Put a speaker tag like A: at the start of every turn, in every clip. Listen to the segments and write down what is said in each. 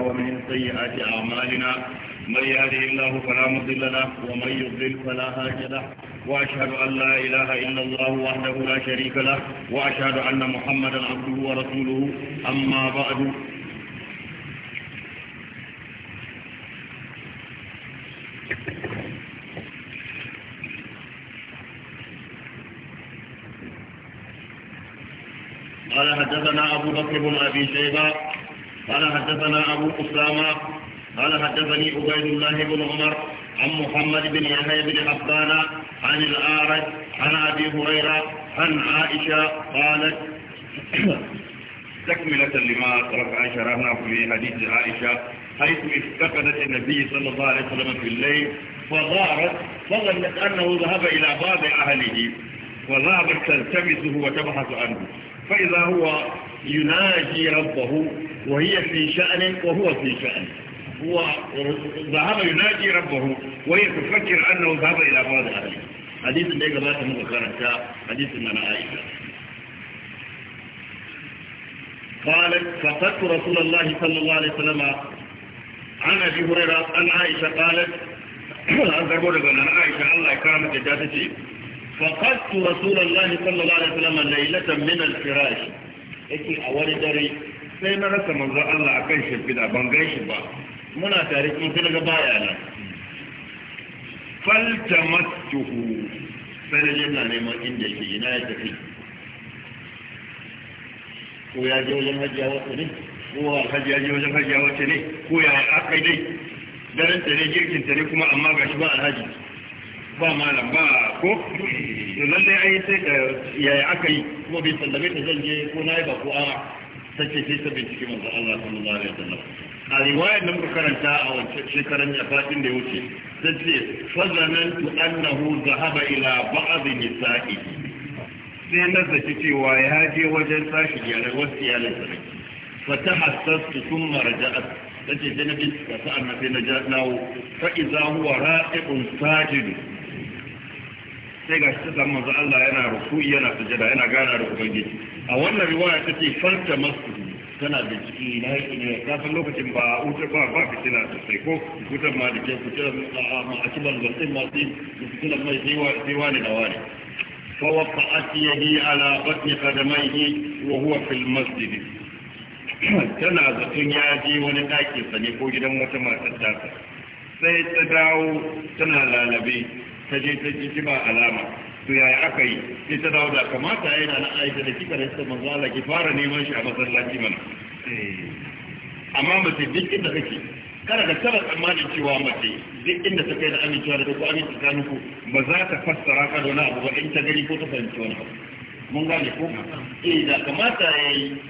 A: ومن سيئات أعمالنا من يهده الله فلا مضل له ومن يضلل فلا هادي له وأشهد أن لا إله إلا الله وحده لا شريك له وأشهد أن محمدا عبده ورسوله أما بعد قال حدثنا أبو بكر بن أبي شيبة قال حدثنا أبو أسامة قال حدثني عبيد الله بن عمر عن محمد بن يحيى بن حبان عن الأعرج عن أبي هريرة عن عائشة قالت تكملة لما رفع شرحنا في حديث عائشة حيث افتقدت النبي صلى الله عليه وسلم في الليل فظهرت فظنت أنه ذهب إلى بعض أهله وذهبت تلتمسه وتبحث عنه فإذا هو يناجي ربه وهي في شأن وهو في شأن هو ذهب يناجي ربه وهي تفكر أنه ذهب إلى أفراد أهله حديث اللي قبلت مذكرتها حديث من عائشة قالت فقدت رسول الله صلى الله عليه وسلم عن أبي هريرة عن عائشة قالت أقول لك أن عائشة الله كرمت جاتتي فقدت رسول الله صلى الله عليه وسلم ليلة من الفراش إكي أولي داري sai na rasa manzon Allah akan shimfida ban gan shi ba muna tare in sai ga baya nan faltamattuhu sai na yana neman inda shi ina ya tafi ko ya je wajen hajiya wacce ne ko alhaji ya je wajen hajiya wacce ne ko ya aka dai daren ta ne girkin ta ne kuma amma ga shi ba alhaji ba malam ba ko to lalle ai sai ka yaya aka yi kuma bai sallame ta zan je ko na yi ba ko a'a take fi ta bincike manzo Allah sallallahu alaihi wasallam a riwayar da muka karanta a wancan shekaran ya fatin da ya wuce ta ce fazanantu annahu zahaba ila ba'd nisa'i sai na zaci cewa ya je wajen sashi yaran wasu iyalan sa fa ta hassastu thumma raja'at tace sai na bincika sa'an na sai na ja dawo fa idza huwa raqibun sajid sai ga shi ta manzo Allah yana ruku'i yana sujada yana gana da ubangiji a wannan riwaya ta ce fanta masu tana da ciki na haƙi ne ka san lokacin ba wuce ba ba da sai ko wutar ma da ke kuce ma a kibar zartin masu yi fitilar mai zewa ne da ware فوقعت يدي على yi wa huwa في المسجد tana zaton ya je wani ɗakin sa ne ko gidan wata matar ta sai ta dawo tana lalabe ta je ta ji ba alama to yaya aka yi sai ta dawo da kamata ya yana na aisha da kika da ta manzo Allah ki fara neman shi a masallaci mana eh. amma mace duk inda kake kada ka taba tsammanin cewa mace duk inda ta kai da amincewa da ko amince tsakanin ku ba za ta fassara ka da wani abu ba in ta gani ko ta fahimci wani abu mun gane ko eh da kamata ya yi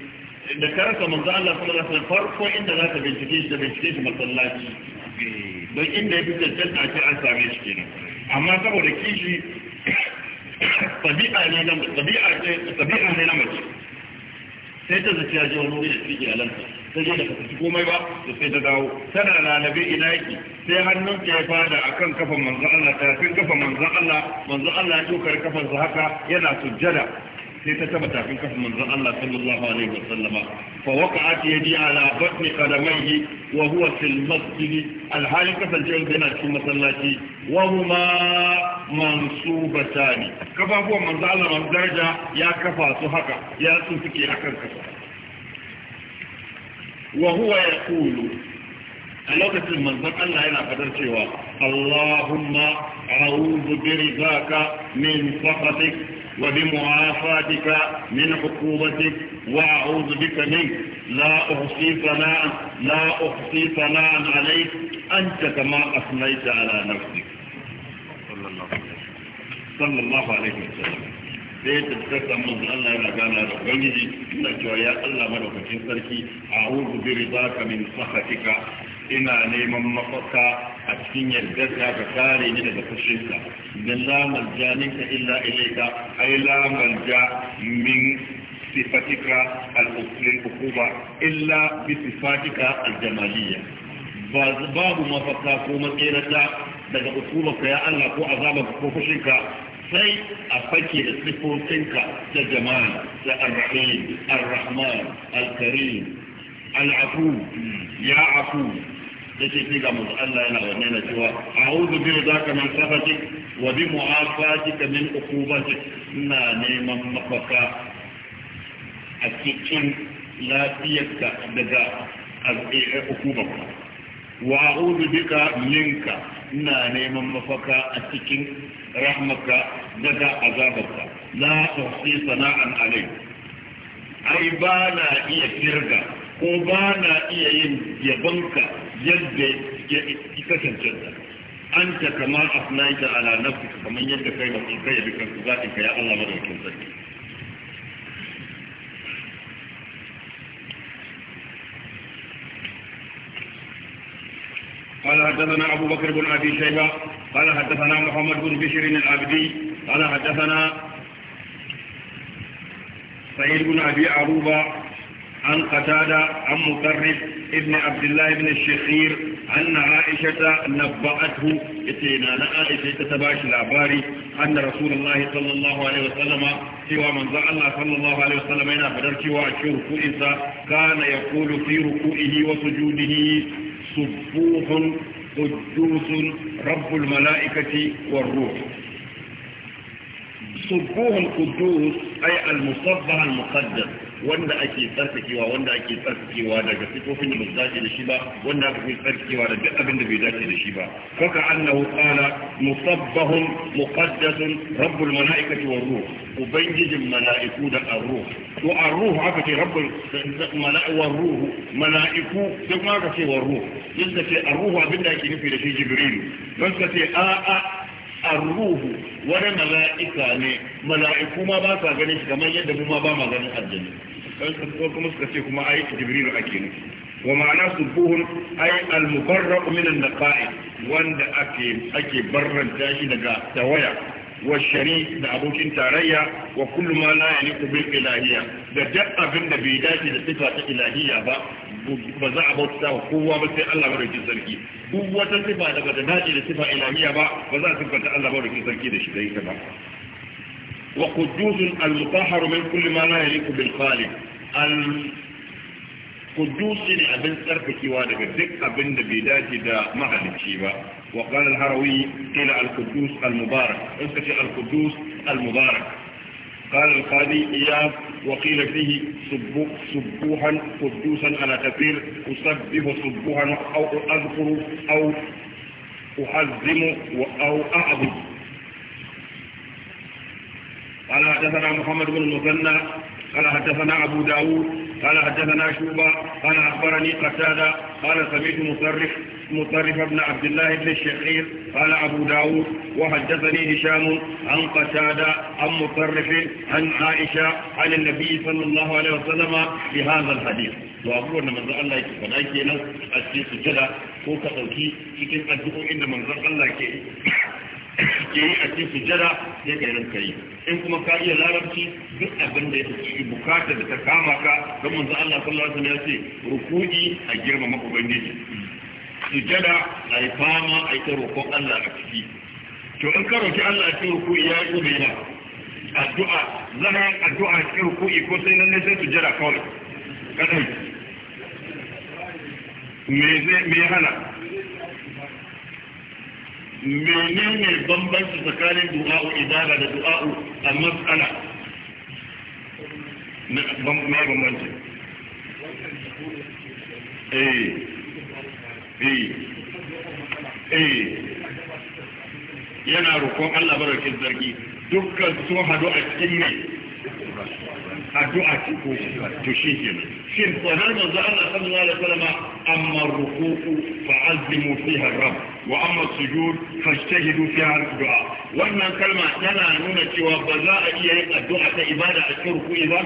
A: da karanta manzo Allah sallallahu alaihi wasallam farko inda za ta bincike shi da bincike shi masallaci eh. don inda ya fi cancanta a ce an same shi kenan amma saboda kishi tabi'a ne na mace tabi'a ne na mace sai ta zaci ya je wani wuri da cikin alanta sai dai da ka tafi komai ba da sai ta dawo tana lalabe ina yake sai hannun ta ya fada akan kafa manzon Allah ta fi kafan manzon Allah manzon Allah ya dokar kafan haka yana sujjada sai ta taba tafin kafin manzon Allah sallallahu alaihi wa sallama fa waqa'at yadi ala batni qadamayhi wa huwa fil masjid al hali kasancewa yana cikin masallaci wa huma mansubatani kafafuwan manzon Allah man daraja ya kafa su haka ya su suke akan kafa? wa huwa yaqulu a lokacin manzon Allah yana fadar cewa Allahumma a'udhu bi ridaka min sakhatik وبمعافاتك من عقوبتك وأعوذ بك منك لا أحصي ثناء لا أحصي ثناء عليك أنت كما أثنيت على نفسك صلى الله عليه وسلم sai ta tsaka manzo Allah yana gana da ubangiji ina cewa ya Allah madaukakin sarki a'udhu bi ridaka min sakhatika ina neman mafaka a cikin yardarka ga kare ni daga fushinka dan lamar malja minka illa ilayka ai lamar ja min sifatika al-ukuba illa bi sifatika al-jamaliyya babu mafaka ko matsirata daga ukuba ka ya Allah ko azabarka ko fushinka sai a fake da sifofinka da jama'a da ar-rahim ar-rahman al-karim al'afu ya afu ke fi ga masu Allah yana wannan na cewa a'udhu bi ridaka min safatik wa bi mu'afatika min uqubatik ina neman mafaka a cikin lafiyarka daga hukumar wa a'udhu bika minka ina neman mafaka a cikin rahmaka daga azabar azabarka la uhsi sana'an alai ai ba na iya kirga ko ba na iya yin yabonka yadda ya kasance an ta kama afnaita ala nafsi kamar yadda kai ba kai kai yabi kanku zaɓin ka ya Allah madaukin sarki قال حدثنا أبو بكر بن أبي شيبة قال حدثنا محمد بن بشير العبدي قال حدثنا سعيد بن أبي عروبة عن قتادة عن مقرب ابن عبد الله بن الشخير أن عائشة نبأته إتينا لآئشة تتباش العباري أن رسول الله صلى الله عليه وسلم سوى من ذا الله صلى الله عليه وسلم إنا فدرك وعشور كئسا كان يقول في ركوئه وسجوده صفوح قدوس رب الملائكة والروح صفوح القدوس أي المصبح المقدس wanda ake tsarkakewa wanda ake tsarkakewa daga sifofin da ba su dace da shi ba wanda ake tsarkakewa da duk abin da bai dace da shi ba kaka annahu qala musabbahun muqaddasun rabbul malaikati war ruh ubangijin mala'iku da ar-ruh to ar aka ce rabbul mala'iku war ruh mala'iku da kuma aka ce war ruh yadda ce ar-ruh abin da ake nufi da shi jibril don ka ce a a arruhu wani mala'ika ne mala'iku ma ba sa ganin shi kamar yadda mu ma ba ma ganin aljanna ko kuma suka ce kuma ai jibrilu ake nufi wa ma'ana subuhun ai al-mubarra'u min an-naqa'i wanda ake ake barranta shi daga tawaya wa shari da abokin tarayya wa kullu ma la yaliqu bil ilahiyya da duk abin da bai dace da sifa ta ilahiyya ba ba za a bauta wa kowa ba sai Allah madaukakin sarki duk wata sifa da bata dace da sifa ilahiyya ba ba za a sifanta Allah madaukakin sarki da shi da ba وقدوس المطهر من كل ما لا يليق بالخالق القدوس لابن صرف كيوانك ذك ابن بيداج دا مهل الشيبة وقال الهروي قيل القدوس المبارك انسك القدوس المبارك قال القاضي إياه وقيل فيه سبوحا قدوسا على كثير أسبه سبوحا أو أذكر أو أعظم قال حدثنا محمد بن المثنى قال حدثنا أبو داود قال حدثنا شوبة قال أخبرني قتادة قال سمعت مصرف مصرف بن عبد الله بن الشخير قال أبو داود وحدثني هشام عن قتادة عن مصرف عن عائشة عن النبي صلى الله عليه وسلم بهذا الحديث وأقول أن من الله يكفن أي كينا أسجد سجدة ko ka ɗauki cikin addu'o'in da manzon Allah ke ke yi a cikin sujada sai ka rinka yi in kuma ka iya larabci duk abin da ya ciki bukatar da ta kama ka don manzo Allah sallallahu alaihi wasallam ya ce ruku'i a girmama ubangiji sujada a yi fama a yi ta roƙon Allah a ciki to in ka roƙi Allah a cikin ruku'i ya yi na? addu'a zama addu'a a cikin ruku'i ko sai nan ne sai sujada kawai kadai me zai me hana menene bambanci tsakanin du'a'u ibada da du'a'u a matsala na bambanci
B: eh eh eh
A: yana rukun Allah barakin zargi dukkan sun hadu a cikin ne addu'a ce ko to shi ke nan shi tsanar manzo Allah sallallahu alaihi wasallam amma ruku'u fa azimu fiha rabb wa amma sujud fajtahidu fiha du'a wannan kalma tana nuna cewa ba za a iya yin addu'a ta ibada a cikin ruku'i ba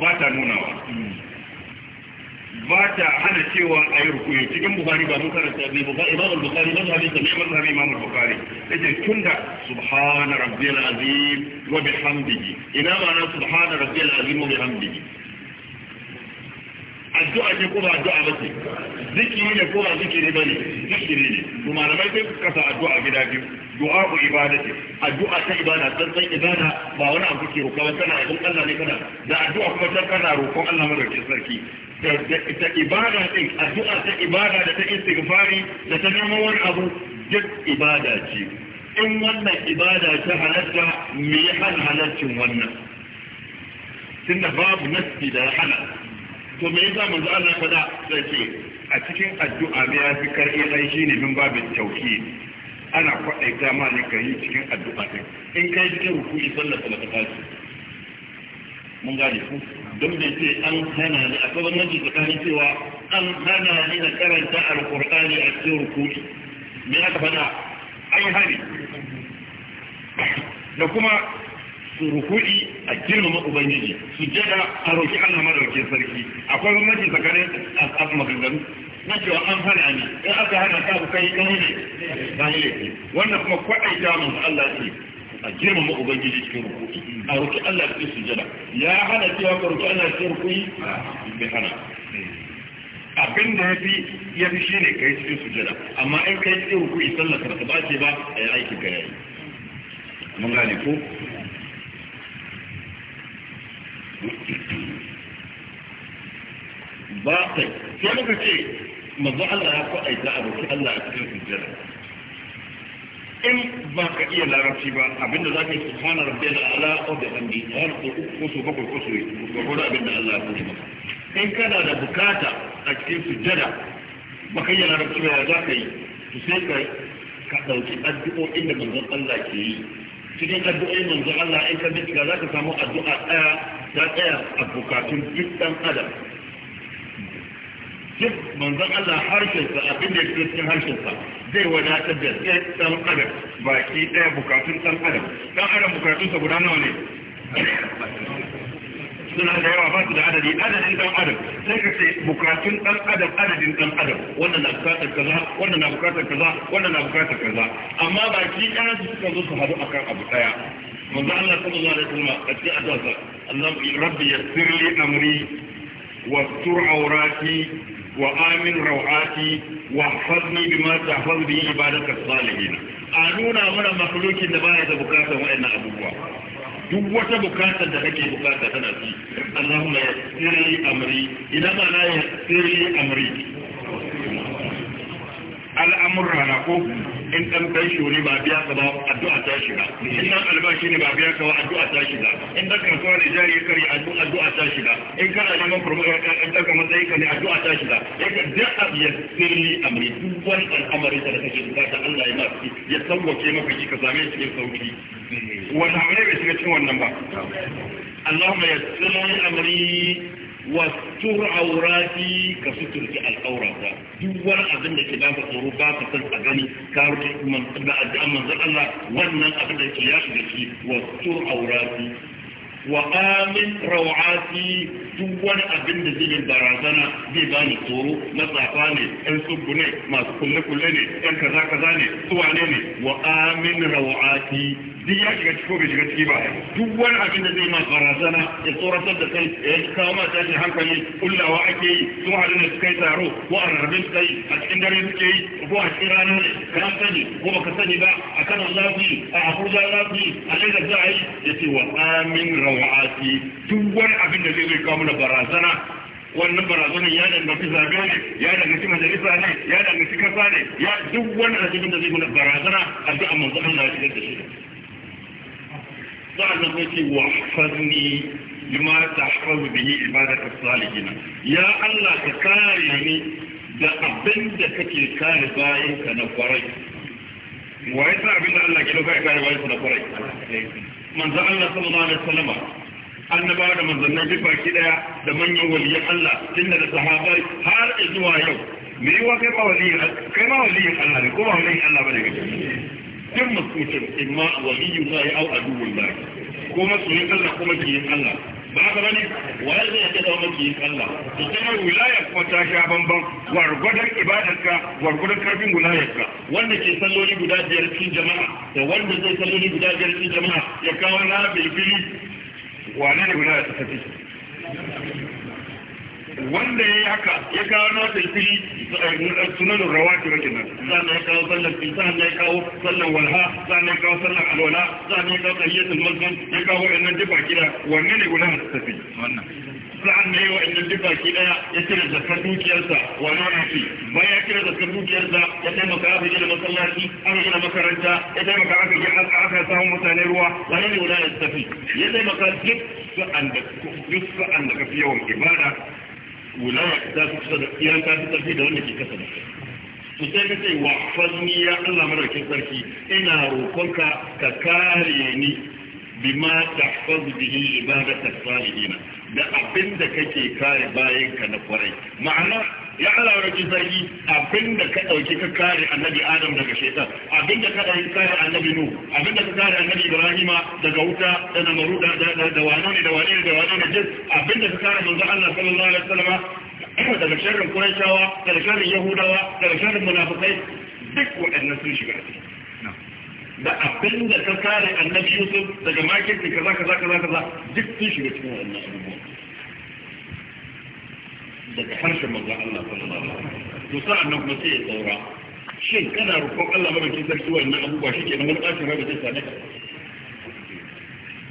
A: ba ta nunawa ba ta hana cewa a yi rukuni cikin bukari ba mun karanta ne ba imam al-bukhari man hadisi ne man hadisi imam al-bukhari yace tunda subhana rabbiyal azim wa bihamdihi ina ma'ana subhana rabbiyal azim wa bihamdihi addu'a ne ko ba addu'a ba ce zikiri ne ko ba zikiri ne zikiri ne to malamai sai kasa addu'a gida biyu du'a ko ibada ce addu'a ta ibada san san ibada ba wani abu ke roƙa tana abin roƙon Allah ne kana da addu'a kuma san kana roƙon Allah madaukakin sarki Ta ibada din addu'a ta ibada da ta istighfari da ta neman wani abu duk ibada ce in wannan ibada ta halatta me ya hana halaccin wannan da babu nasti da ya hana to me yasa manzo Allah faɗa sai ce a cikin addu'a ne ya fi karfi shi ne min babin tauhid ana kwadaita ma ne kai cikin addu'a din in kai cikin ruku'i sallar salata mun gane ku don bai ce an hana ni akwai bambanci tsakanin cewa an hana ni na karanta alkur'ani a cikin rukuni me aka faɗa an yi hari da kuma rukuni a girmama ubangiji su jada a roƙi Allah madaukin sarki akwai bambanci tsakanin al'adu maganganu na cewa an hana ni in aka hana ka kai kai ne ba ne wannan kuma kwaɗaita mun Allah ce a ma ubangiji cikin rukuki a roki Allah su sujada ya hana cewa ka roki Allah cikin rukuki bai hana abin da yafi yafi shine kai cikin sujada amma in kai cikin rukuki sallar ka ba ce ba a yi aiki ka yayi mun gane ko ba sai muka ce manzo Allah ya faɗa da aboki Allah a cikin sujada in ba ka iya larabci ba abinda za ka yi subhana rabbiyal a'la wa bihamdi har ko uku so bakwai ko so ba ko abinda Allah ya koyi maka in kana da bukata a cikin sujjada ba ka iya larabci ba za ka yi to sai ka ka dauki addu'o'in da manzon Allah ke yi cikin addu'o'in manzon Allah in ka bincika za ka samu addu'a daya ta tsaya a bukatun duk adam duk manzon Allah harshensa abin da yake cikin harshensa zai wadatar da ɗan adam baki ɗaya bukatun ɗan adam ɗan adam bukatunsa guda nawa ne suna da yawa ba su da adadi adadin ɗan adam sai ka ce bukatun ɗan adam adadin ɗan adam wannan na bukatar kaza wannan na bukatar kaza wannan na bukatar kaza amma ba ɗaya kana su suka zo su hadu akan abu ɗaya. manzo Allah sallallahu alaihi wasallam a cikin addu'a Allah rabbi yassir li amri wa tur awrati وآمن روعاتي واحفظني بما تحفظ به عبادك الصالحين أنونا من مخلوق دباية بكاتا وإن أبوها duk wata bukata da kake bukata tana ci ya yassirli amri idan ma na yassirli amri al'amurra na ko in dan fansho ne ba biya ka ba addu'a ta shiga in dan albashi ne ba biya ka ba addu'a ta shiga in ɗan kasuwa ne jari ya kare addu'a ta shiga in kana neman eh, eh, ɗan daga matsayi ka ne addu'a ta shiga yaka duk abu ya sirri amri duk wani al'amari da kake bukata Allah ya mafi ya sauwake maka shi ka same shi cikin sauki wannan amri bai shiga cikin wannan ba Allahumma ya sirri amri wastur aurati ka suturci al'aurata duk wani abin da ke ba ka tsoro ba ka san a gani ka rufe da addu'an manzon Allah wannan abin da ke ya shiga shi wastur aurati wa amin rawati duk wani abin da zai barazana zai bani tsoro na ne ɗan tsubbu ne masu kulle-kulle ne ɗan kaza-kaza ne suwane ne wa amin rawati duk ya shiga ciki ko bai shiga ciki ba duk wani abin da zai ma barazana ya tsoratar da kai ya kawo ma tashin hankali kullawa ake yi su haɗu ne su kai taro ko a rarrabin kai a cikin dare suke yi ko a cikin rana ne ka sani ko baka sani ba a kanan lafi a abuja lafi a lagos za a yi ya ce wa amin wa wa'asi duk wani abin da zai kawo mana barazana wannan barazanar ya danganci zabe ne ya danganci majalisa ne ya danganci kasa ne ya duk wani abin da zai mana barazana a addu'a manzo Allah ya shigar da shi sa'annan ko ce wa fazni lima tahfazu bihi ibadatu salihin ya Allah ka kare ni da abin da kake kare bayan ka na kwarai wa yasa abin da Allah ke kare bayan ka na kwarai manzan Allah sallallahu alaihi wasallam annabawa da manzannin duk baki daya da manyan waliyan Allah tunda da sahabbai har zuwa yau me yiwa kai ma waliyin kai ma waliyin Allah ne ko ba waliyin Allah bane kake duk mutum imma au aw aduwullahi ko masoyin Allah ko makiyin Allah ba ka bane waye zai yake zama makiyin Allah to sai wilaya kuma ta sha bamban wargwadon ibadarka wargwadon karfin wilayarka wanda ke salloli guda biyar cikin jama'a da wanda zai salloli guda biyar cikin jama'a ya kawo na bilbili wane ne wilaya ta tafi wanda ya yi haka ya kawo na eh, sunan rawa rawati wakin nan sannan ya kawo sallar fi sannan ya kawo sallar walha sannan ya kawo sallar alwala sannan ya kawo tsayyatun masjid ya kawo wa'annan duka kira wanne ne guda da tafi wannan sa'an ne wa inda duka ki daya ya kira zakar dukiyarsa wani wani fi bayan ya kira zakar dukiyarsa ya taimaka aka gina masallaci aka gina makaranta ya taimaka aka gina aka samu mutane ruwa wanne ne guda da tafi ya taimaka duk sa'an da duk sa'an da ka fi yawan ibada wulawa ta fi kusa da iran ta fi da wanda ke kasa da su sai ka ce wa fanni ya Allah madaukin sarki ina roƙonka ka kare ni bima tahfazu bihi ta salihin da abinda kake kare bayan ka na kwarai ma'ana ya Allah rabi sarki abinda ka ɗauki ka kare annabi Adam daga shaytan abinda ka dauki kare annabi Nuh abinda ka kare annabi Ibrahima daga wuta da namaruda da da wano ne da wano ne da wano ne jin abinda ka kare manzo Allah sallallahu alaihi wasallam daga sharrin Qurayshawa daga sharrin Yahudawa daga sharrin munafikai duk waɗannan sun shiga cikin da abin da ka kare annabi Yusuf daga makirci kaza kaza kaza kaza duk sun shiga cikin wannan abubuwa daga harshen manzo Allah sallallahu alaihi wasallam to sa'an nan kuma sai ya saura shin kana rufo Allah madaukakin sarki wannan abubuwa shi ke kenan wani ɓacin rai da zai same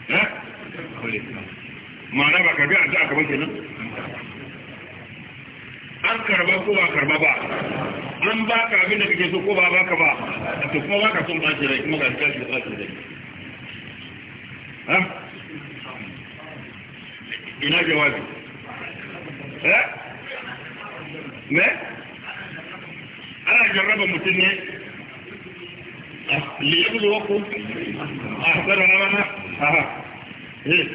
A: ka ha ma'ana ba ka bi a kamar kenan an karba ko ba karba ba an ba ka abin da kake so ko ba ba ka ba to kuma ba ka son ba rai kuma ga kashi ba ki rai ina jawabi
B: eh me ana jarraba mutum ne li yablu
A: wa kun ahsana amana aha eh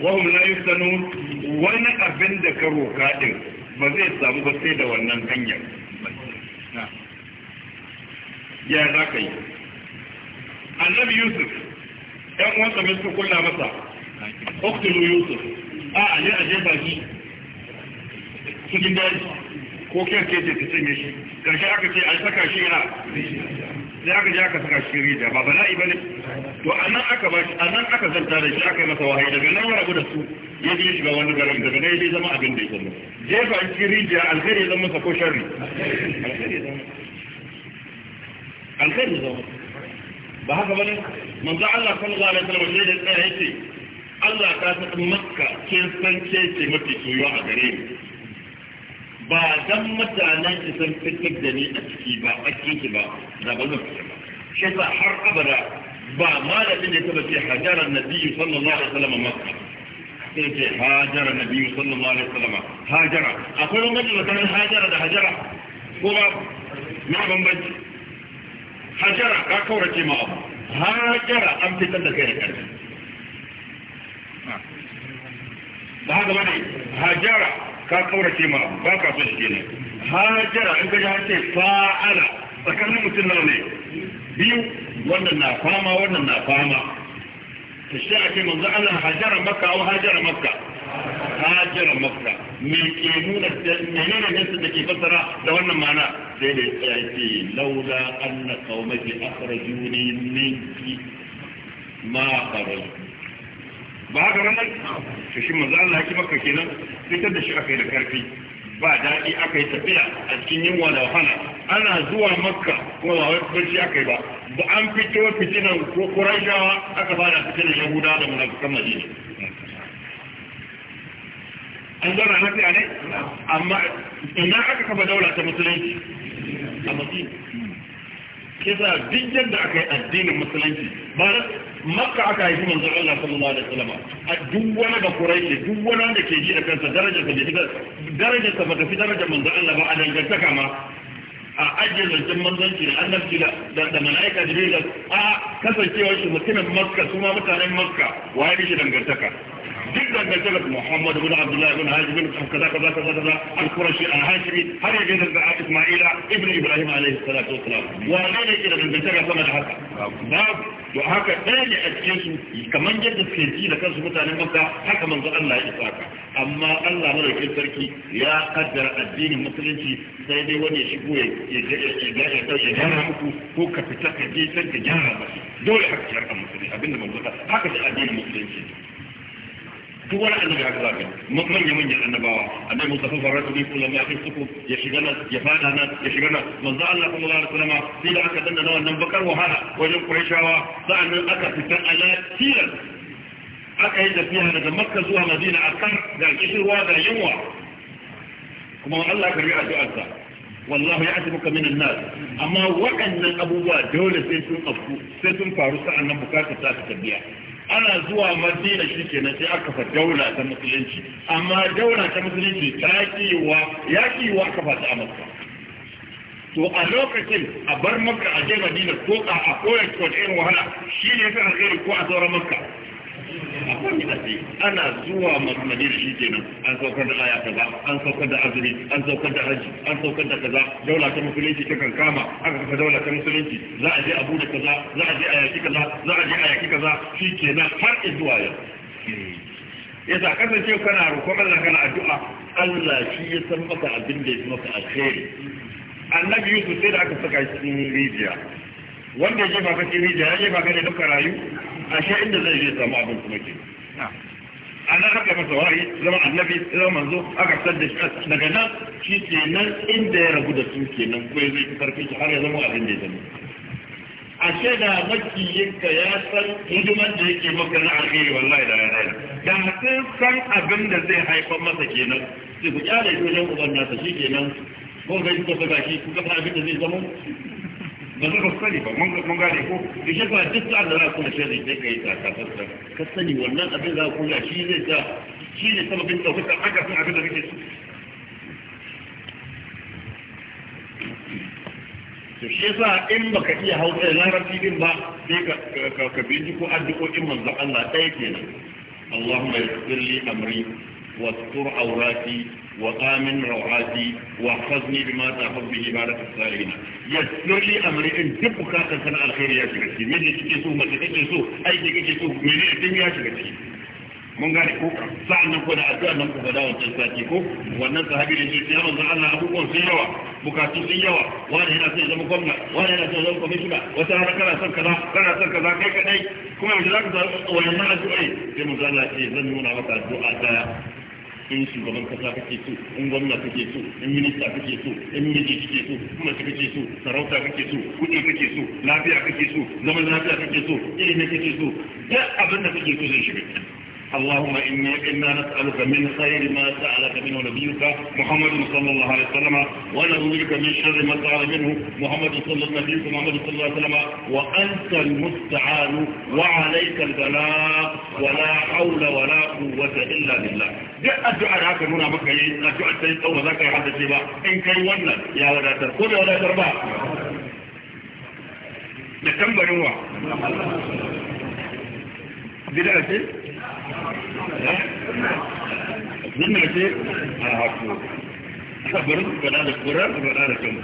A: وهم لا يفتنون wani abin da ka roka din ba zai samu ba sai da wannan hanyar ya za ka yi annabi yusuf ɗan uwansa mai suka kulla masa oktulu yusuf a aje aje baki cikin daji ko kyan ke ce ta cinye shi ƙarshe aka ce a saka shi yana sai aka ji aka saka shi rija ba bala'i ba ne to anan aka aka zanta da shi aka yi masa wahayi daga nan ya rabu da su ya je shiga wani garin daga dai zai zama abin da ya zama jefa an ci rijiya alkhairi zama masa ko sharri alkhairi zama ba haka bane manzo Allah sallallahu alaihi wasallam sai da tsaya yake Allah ta faɗi Makka kin san ke ce mafi soyuwa a gare ni ba dan mutanen ki san fitar da ni a ciki ba a ciki ba da ba zan fita ba shi har abada ba malamin da ya taba ce hajaran nabiyyu sallallahu alaihi wasallam Makka sai ce hajara na biyu sallallahu alaihi wasallama hajara akwai bambanci tsakanin hajara da hajara ko ba na bambanci hajara ka kaurace ma abu hajara an fitar da kai da ƙarfi ba haka bane hajara ka kaurace ma abu ba ka so shi ne hajara in ka hace fa'ala tsakanin mutum nawa ne biyu wannan na fama wannan na fama to shi a ce manzo Allah hajara makka au hajara makka hajara makka me ke nuna menene ne da ke fassara da wannan ma'ana sai da ya ce laula anna qaumaki akhrajuni minki ma kharajtu ba haka nan shi kenan fitar da shi akai da karfi ba daɗi aka yi tafiya a cikin yin da wahala ana zuwa makka kuma ba wai barci aka yi ba ba an fito fitinan ko kurashawa aka fara fitinan yahuda da munafikan madina an na lafiya ne amma ina aka kafa daula ta musulunci a madina kisa duk yadda aka yi addinin musulunci ba makka aka haifi manzon Allah sallallahu alaihi wasallam a duk wani da kuraishi duk wani da ke ji da kansa darajar sa bai darajar sa bata fi darajar manzon Allah ba a dangantaka ma a ajiye zancen manzanci da annabci da da mala'ika jibril a kasancewa shi mutumin makka su ma mutanen makka waye shi dangantaka جدا قلت لك محمد بن عبد الله بن هاشم بن كذا كذا كذا كذا القرشي الهاشمي هل يجد اسماعيل ابن ابراهيم عليه الصلاه والسلام وانا كده من قلت لك sama da haka babu to haka ɗaya ne a cikin kamar yadda suke ji da kansu mutanen maka haka manzo Allah ya amma Allah madaukakin sarki ya kaddara addinin musulunci sai dai wani ya shigo ya ya gyara muku ko ka ka je ka dole haka musulunci haka addinin musulunci duk wani annabi haka zaka manya manyan annabawa annabi Mustafa farratu bi kullu ma fi suku ya shiga nan ya fada nan ya shiga nan manzo Allah sallallahu alaihi wasallam sai da aka danna wannan bakar wahala wajen Qurayshawa sa'annan aka fita ala tilan aka yi tafiya daga Makka zuwa Madina akan da kishirwa da yunwa kuma Allah ya karbi addu'arsa والله يعتبك من الناس أما وأن الأبوة دولة سيسون أبو سيسون فارسة أن بكاتة تاتي تبيع ana zuwa madina shi kenan sai aka fa daula ta musulunci amma daula ta musulunci ta kiwa ya kiwa aka fa ta makka to a lokacin a bar maka a je madina ko a koyar ko irin wahala shi ne ta alheri ko a sauran makka a kowane ake ana zuwa makamani shi kenan an saukar da aya kaza an saukar da azumi an saukar da haji an saukar da kaza daula ta musulunci ta kan kama aka kafa daula ta musulunci za a je abu da kaza za a je a yaki kaza za a je a yaki kaza shi kenan har in zuwa yau yasa kasance kana roƙon Allah kana addu'a Allah shi ya san maka abin da ya fi maka alheri annabi Yusuf sai da aka saka shi cikin rijiya wanda ya ba ka cikin da ya ba ka ne duka rayu ashe inda zai je samu abin kuma ke ana haka masa wahayi zama annabi zama manzo aka fitar da shi daga nan shi ke nan inda ya rabu da su ke nan ko kuma zai karfi shi har ya zama abin da ya zama ashe da maki yinka ya san hidimar da yake maka na alheri wallahi da yana raina da sun san abin da zai haifar masa kenan sai ku kyale shi wajen uban nasa shi kenan ko ga shi kuka ga shi kuka fara abin da zai zama yanzu ba sani ba mun gane ko da shi ba duk sa'ad da za ku da shari sai ka yi takatarsa ka sani wannan abin za ku shi zai sa shi ne sababin ɗaukaka haka sun abin da kake so to shi yasa in baka iya hausa larabci din ba sai ka ka binciko addu'o'in manzon Allah ɗaya kenan اللهم يسر لي أمري واستر عوراتي وآمن روعاتي واحفظني بما تحفظ به بارك الصالحين يسر لي أمري إن تبقى كان الخير يا شبكتي من يتكي ما تكي أي تكي من يتم يا شبكتي mun gane ko sa'an nan ko da addu'a nan ku fada wancan sati ko wannan sahabi ne sai ya manzo Allah abubuwan sun yawa bukatu sun yawa wani yana son zama gwamna wani yana son zama kwamishina wata rana kana son kaza kana son kaza kai kadai kuma zan nuna maka addu'a daya in shugaban kasa kake so in gwamna kake so in minista kake so in miji kake so mace kake so sarauta kake so kuɗi kake so lafiya kake so zaman lafiya kake so ilimi kake so duk abin da kake so zai shiga اللهم إني إنا نسألك من خير ما سألك منه نبيك محمد صلى الله عليه وسلم ونعوذ بك من شر ما سأل منه محمد صلى الله عليه وسلم محمد صلى الله عليه وسلم وأنت المستعان وعليك البلاغ ولا حول ولا قوة إلا بالله جاء الدعاء لك نونا مكة الدعاء سيد أول ذاك يحد الشيبة إن كان ولا يا ولا تركون ولا تربع لتنبروا بدأت nan da ke a haku kabarin su fada da kura su fada da kan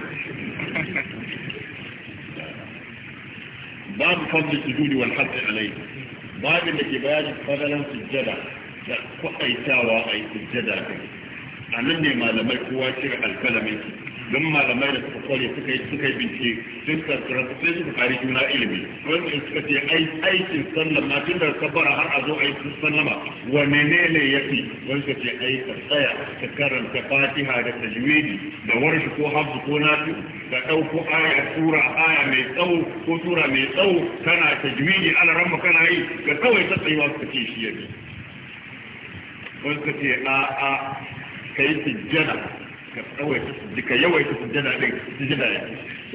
A: babu su sujudi wal hadd alai babin da ke bayani fadalan sujjada da kwaitawa a yi sujjada a nan ne malamai kowa cire alkalamin don malamai da suka kware suka yi suka yi bincike sun karkara sai suka kari juna ilimi wanda suka ce aikin sallama tun da kabara har a zo a yi sallama wane ne ne ya fi wani suka ce ai ka tsaya ka karanta fatiha da tajwidi da warshi ko hafzu ko nafi ka ɗauko aya tura aya mai tsawo ko tura mai tsawo kana tajwidi ala ramma kana yi ka kawai ta tsayuwa suka ce shi ya bi wani suka ce a'a a kai sujjada ka tsawaita duka yawaita sujjada din sujjada ya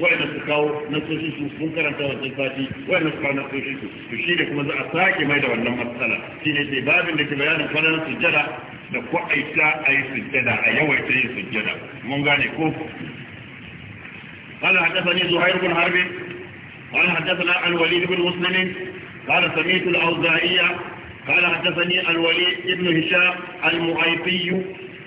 A: wa'anda su kawo nasoshi su sun karanta wannan sati wa'anda su kawo nasoshi su to shi ne kuma za a sake mai da wannan matsala shi ne sai babin da ke bayanin falalar sujjada da kwaɗaita a yi sujjada a yawaita yin sujjada mun gane ko قال حدثني زهير بن حرب قال حدثنا عن وليد بن مسلم قال سميت الأوزاعية قال حدثني الوليد بن هشام المعيطي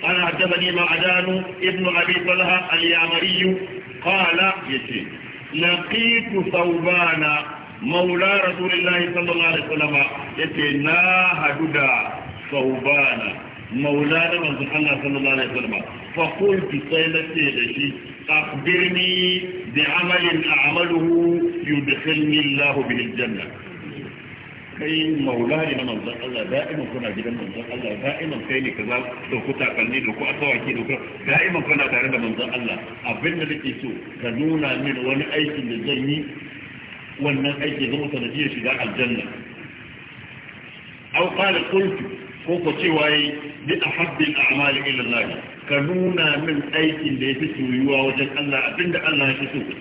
A: أنا حدثني معدان ابن أبي طلحة اليامري قال يتي لقيت ثوبان مولى رسول الله صلى الله عليه وسلم يتي نا هددا ثوبان مولى رسول الله صلى الله عليه وسلم فقلت سيلتي لشي أخبرني بعمل أعمله يدخلني الله به الجنة kai maula ne na manzon Allah da'iman kuna gidan manzon Allah da'iman kai ne kaza da ku takalli da ku asawaki da ku da'iman kuna tare da manzon Allah abinda da nake so ka nuna min wani aikin da zan yi wannan aiki zama sanadiyar shiga aljanna Au qala qultu ko ko cewa yi bi ahabbil a'mali ila Allah ka nuna min aikin da yafi soyuwa wajen Allah abinda Allah ya fi so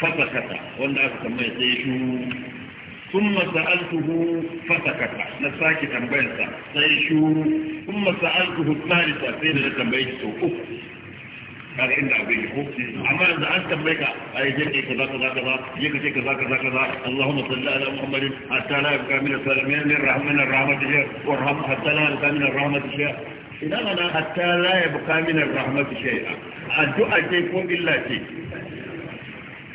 A: fakakata wanda aka tambaya sai shi ثم سألته فسكت نساكي تنبيسا سيشور ثم سألته الثالثة سيدة تنبيسه أف kaga inda abin ya ko amma yanzu an tambaye ka a yi jirgin kaza kaza kaza je ka kaza kaza kaza Allahumma salli ala Muhammadin hatta la yabqa min salamin min rahmin rahmat shay wa rahm hatta la yabqa min rahmat shay idan ana hatta la yabqa min rahmat shay addu'a ce ko illa ce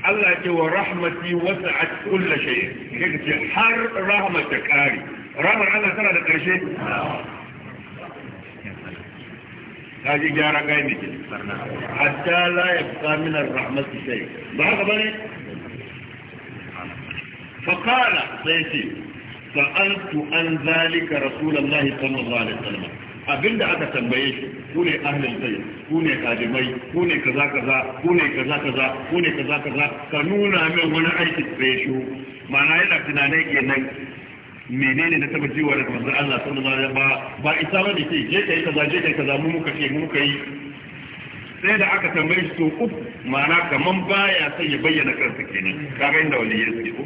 A: Allah ce wa rahmati wasa'at kullu shay kace har rahma ta kare rahmar Allah tana da karshe kaji gyara kai ne hatta la yabqa min ar-rahmat shay ba haka bane fa qala sayyidi sa'altu an zalika rasulullahi sallallahu alaihi wasallam abinda aka tambaye shi ku ne ahlin bayt ku ne kadimai ku ne kaza kaza ku ne kaza kaza ku ne kaza kaza ka nuna min wani aiki ya shi ma'ana yana tunanai kenan menene na taba jiwa daga manzo Allah sallallahu alaihi sallam ba isa ba ne ce je kai kaza je kai kaza mu muka ce mu muka yi sai da aka tambaye shi to uku ma'ana kaman baya sai ya bayyana kansa kenan kaga inda waliyai suke ko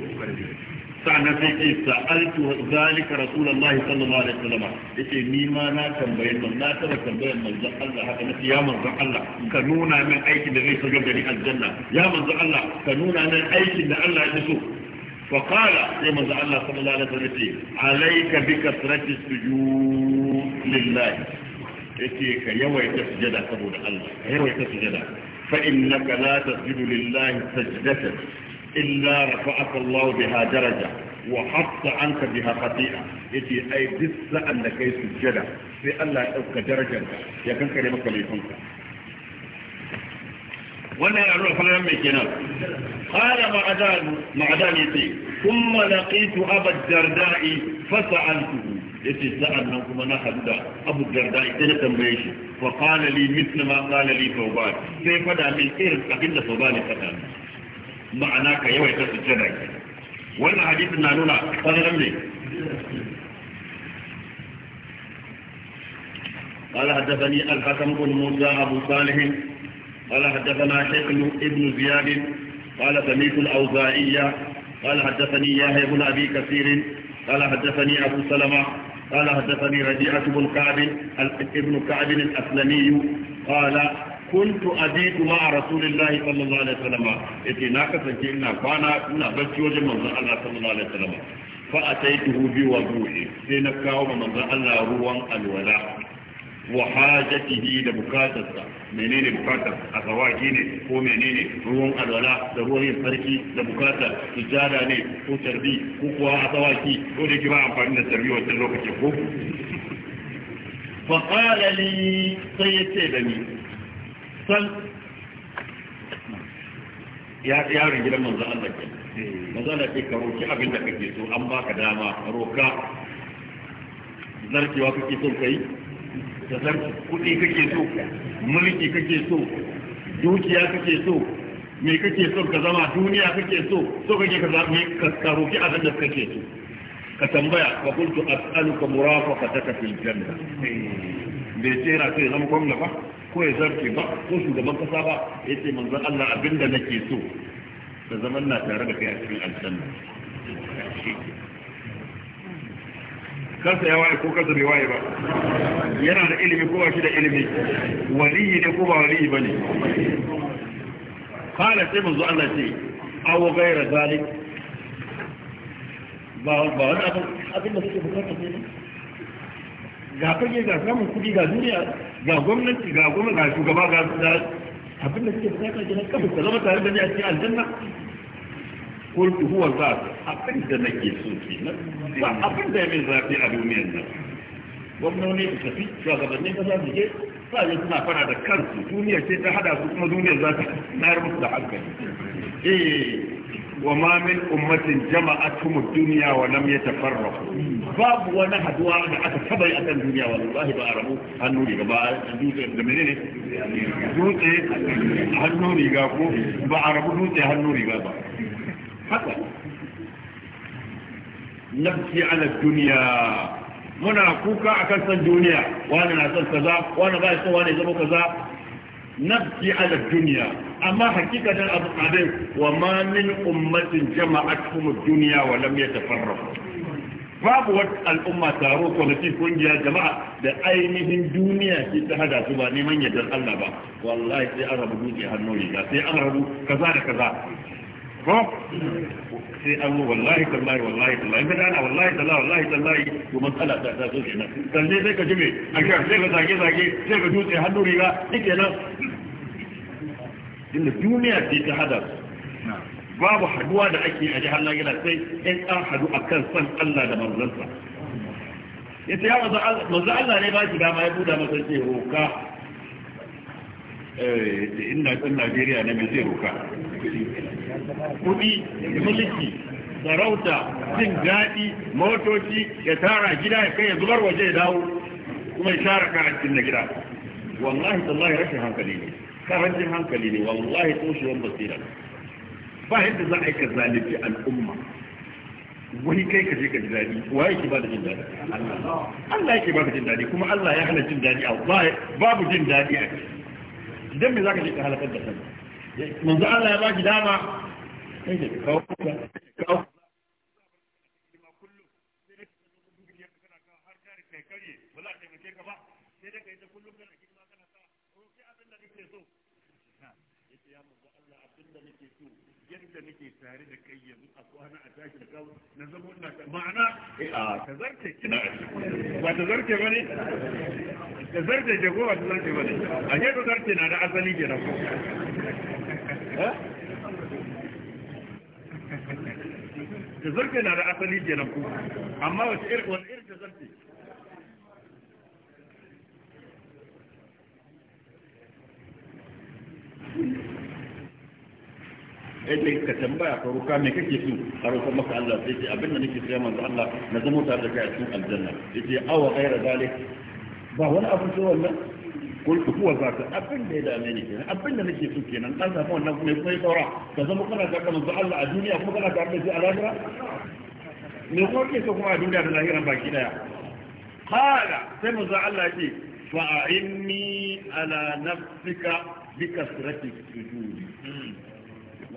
A: sannan sai ce sa'altu zalika rasulullah sallallahu alaihi wasallam yace ni ma na tambaye man na taba tambayar manzon Allah haka nace ya manzon Allah ka nuna min aikin da zai shigar da ni aljanna ya manzon Allah ka nuna min aikin da Allah ya so fa qala sai manzon Allah sallallahu alaihi wasallam yace alayka bi kasrati sujud lillah yace ka yawaita sujada saboda Allah ka yawaita sujada fa illa rafa'aka Allah biha daraja wa hatta anka biha khati'a yace ai duk sa'an da kai sujjada sai Allah ya dauka ka ya kankare maka laifinka wannan yana nuna falalar mai kenan qala ma'adan ma'adan yace kuma laqitu abu darda'i fasa'altuhu yace sa'an nan kuma na hadu da abu darda'i sai na tambaye shi fa qala li mithla ma qala li sai fada min irin abinda tawban ya fada ma'ana ka yawaita sujjada kenan wannan hadisin na nuna ne قال حدثني الحكم بن موسى أبو صالح قال حدثنا شيخ ابن زياد قال سميت الأوزائية قال حدثني ياهي بن أبي كثير قال حدثني أبو سلمة قال حدثني رجيعة بن كعب ابن كعب الأسلمي قال kuntu abitu ma a sallallahu alaihi wasallam na kasance ina kwana ina bacci wajen manzon Allah sallallahu alaihi wasallam fa ataituhu bi wudu'i sai na kawo manzon Allah ruwan alwala wa hajatihi da bukatarsa menene bukatar azawaki ne ko menene ruwan alwala da ruwan sarki da bukata sujada ne ko tarbi ko kuwa azawaki ko da kira amfani da tarbi wannan lokacin ko fa qala li sayyidani san ya yaron gidan manzo Allah ke eh, manzo Allah ke karoki abin da kake so an baka dama roka zarkewa kake so kai da zarki kudi kake so mulki kake so dukiya kake so me kake so ka zama duniya kake so so kake ka zama ka ki abin da kake so ka tambaya ka kuntu as'aluka murafaqataka fil janna eh, bai tsira sai zama gwamna ba ko ya zarce ba ko shugaban kasa ba ya ce manzon Allah abinda nake so da zaman na tare da kai a cikin aljanna kansa ya waye ko kansa bai waye ba yana da ilimi ko shi da ilimi waliyi ne ko ba waliyi ba ne kala sai manzo Allah ce awo gaira zalik ba ba wani abin abin da suke bukata ne ga fage ga samun kuɗi ga duniya ga gwamnati ga gwamnati ga shugaba ga abin da suke bukata kenan kafin ta zama tare da ni a cikin aljanna kultu huwa za abin da nake so kenan ba abin da ya zafi a duniyar nan gwamnoni su ga shugabannin kasa su ke sai je suna fara da kansu Duniya ce ta hada su kuma duniyar za ta rubuta musu da hankali eh wa ma min ummatin jama'a ad duniya wa lam yatafarraqu babu wani haduwa da aka taba yi a kan duniya wallahi ba arabu hannu riga ba dutse da menene dutse hannu riga ko ba arabu dutse hannu riga ba haka nafsi ala dunya muna kuka akan san duniya wani na son kaza wani ba ya son wani zama kaza ala duniya نبكي على الدنيا أما حقيقة أبو قادم وما من أمة جمعتهم الدنيا ولم يتفرقوا babu wata al'umma taro kwanakin kungiya jama'a da ainihin duniya ke ta hada su ba neman yardar Allah ba wallahi sai an rabu dutse hannun riga sai an rabu kaza da kaza ko sai an yi wallahi tallahi wallahi tallahi ga dana wallahi tallahi wallahi tallahi to matsala ta ta so kenan kalle sai ka jime a kan sai ka zage zage sai ka dutse hannu riga shikenan inda duniya ce ta hada babu haduwa da ake a jihar lahira sai in an hadu a kan san Allah da manzansa ya ce manzan Allah ne ba shi dama ya buda masa ce roka eh, ina ɗan Najeriya na mai zai roka kuɗi mulki sarauta jin daɗi motoci ya tara gida ya kai ya zubar waje ya dawo kuma ya share karantin na gida wallahi tallahi rashin hankali ne karancin hankali ne wallahi toshewar basira ba yadda za a yi ka zalunci al'umma Wani kai ka je ka ji daɗi wa yake ba da jin daɗi Allah yake ba ka jin daɗi kuma Allah ya hana jin daɗi a babu jin daɗi a ciki idan me za ka je ka halakar da kanka manzo Allah ya ba ki dama kai ka kawo ka kawo da nake tare da kai yanzu a kwana a tashin kawo na zama ina ta ma'ana eh, a ta zarce kina ba ta zarce ba ne ta zarce ke ko ba ta zarce ba ne a ke ta zarce na da asali ke nan ta zarce na da asali ke nan ko amma wace irin wani irin ta zarce Thank you. ita ka tambaya ka ruka me kake so a roƙa maka Allah sai ce abin da nake so manzo Allah na zama tare da kai a cikin aljanna yace awa ghaira zalik ba wani abu sai wannan kulku kuwa za ka abin da ya dame ni kenan abin da nake so kenan dan samu wannan kuma kuma saura ka zama kana tare da manzo Allah a duniya kuma kana da shi a lahira me kuma ke so kuma a duniya da lahira baki daya qala sai manzo Allah ya ce fa'inni ala nafsika bi sujudi hmm.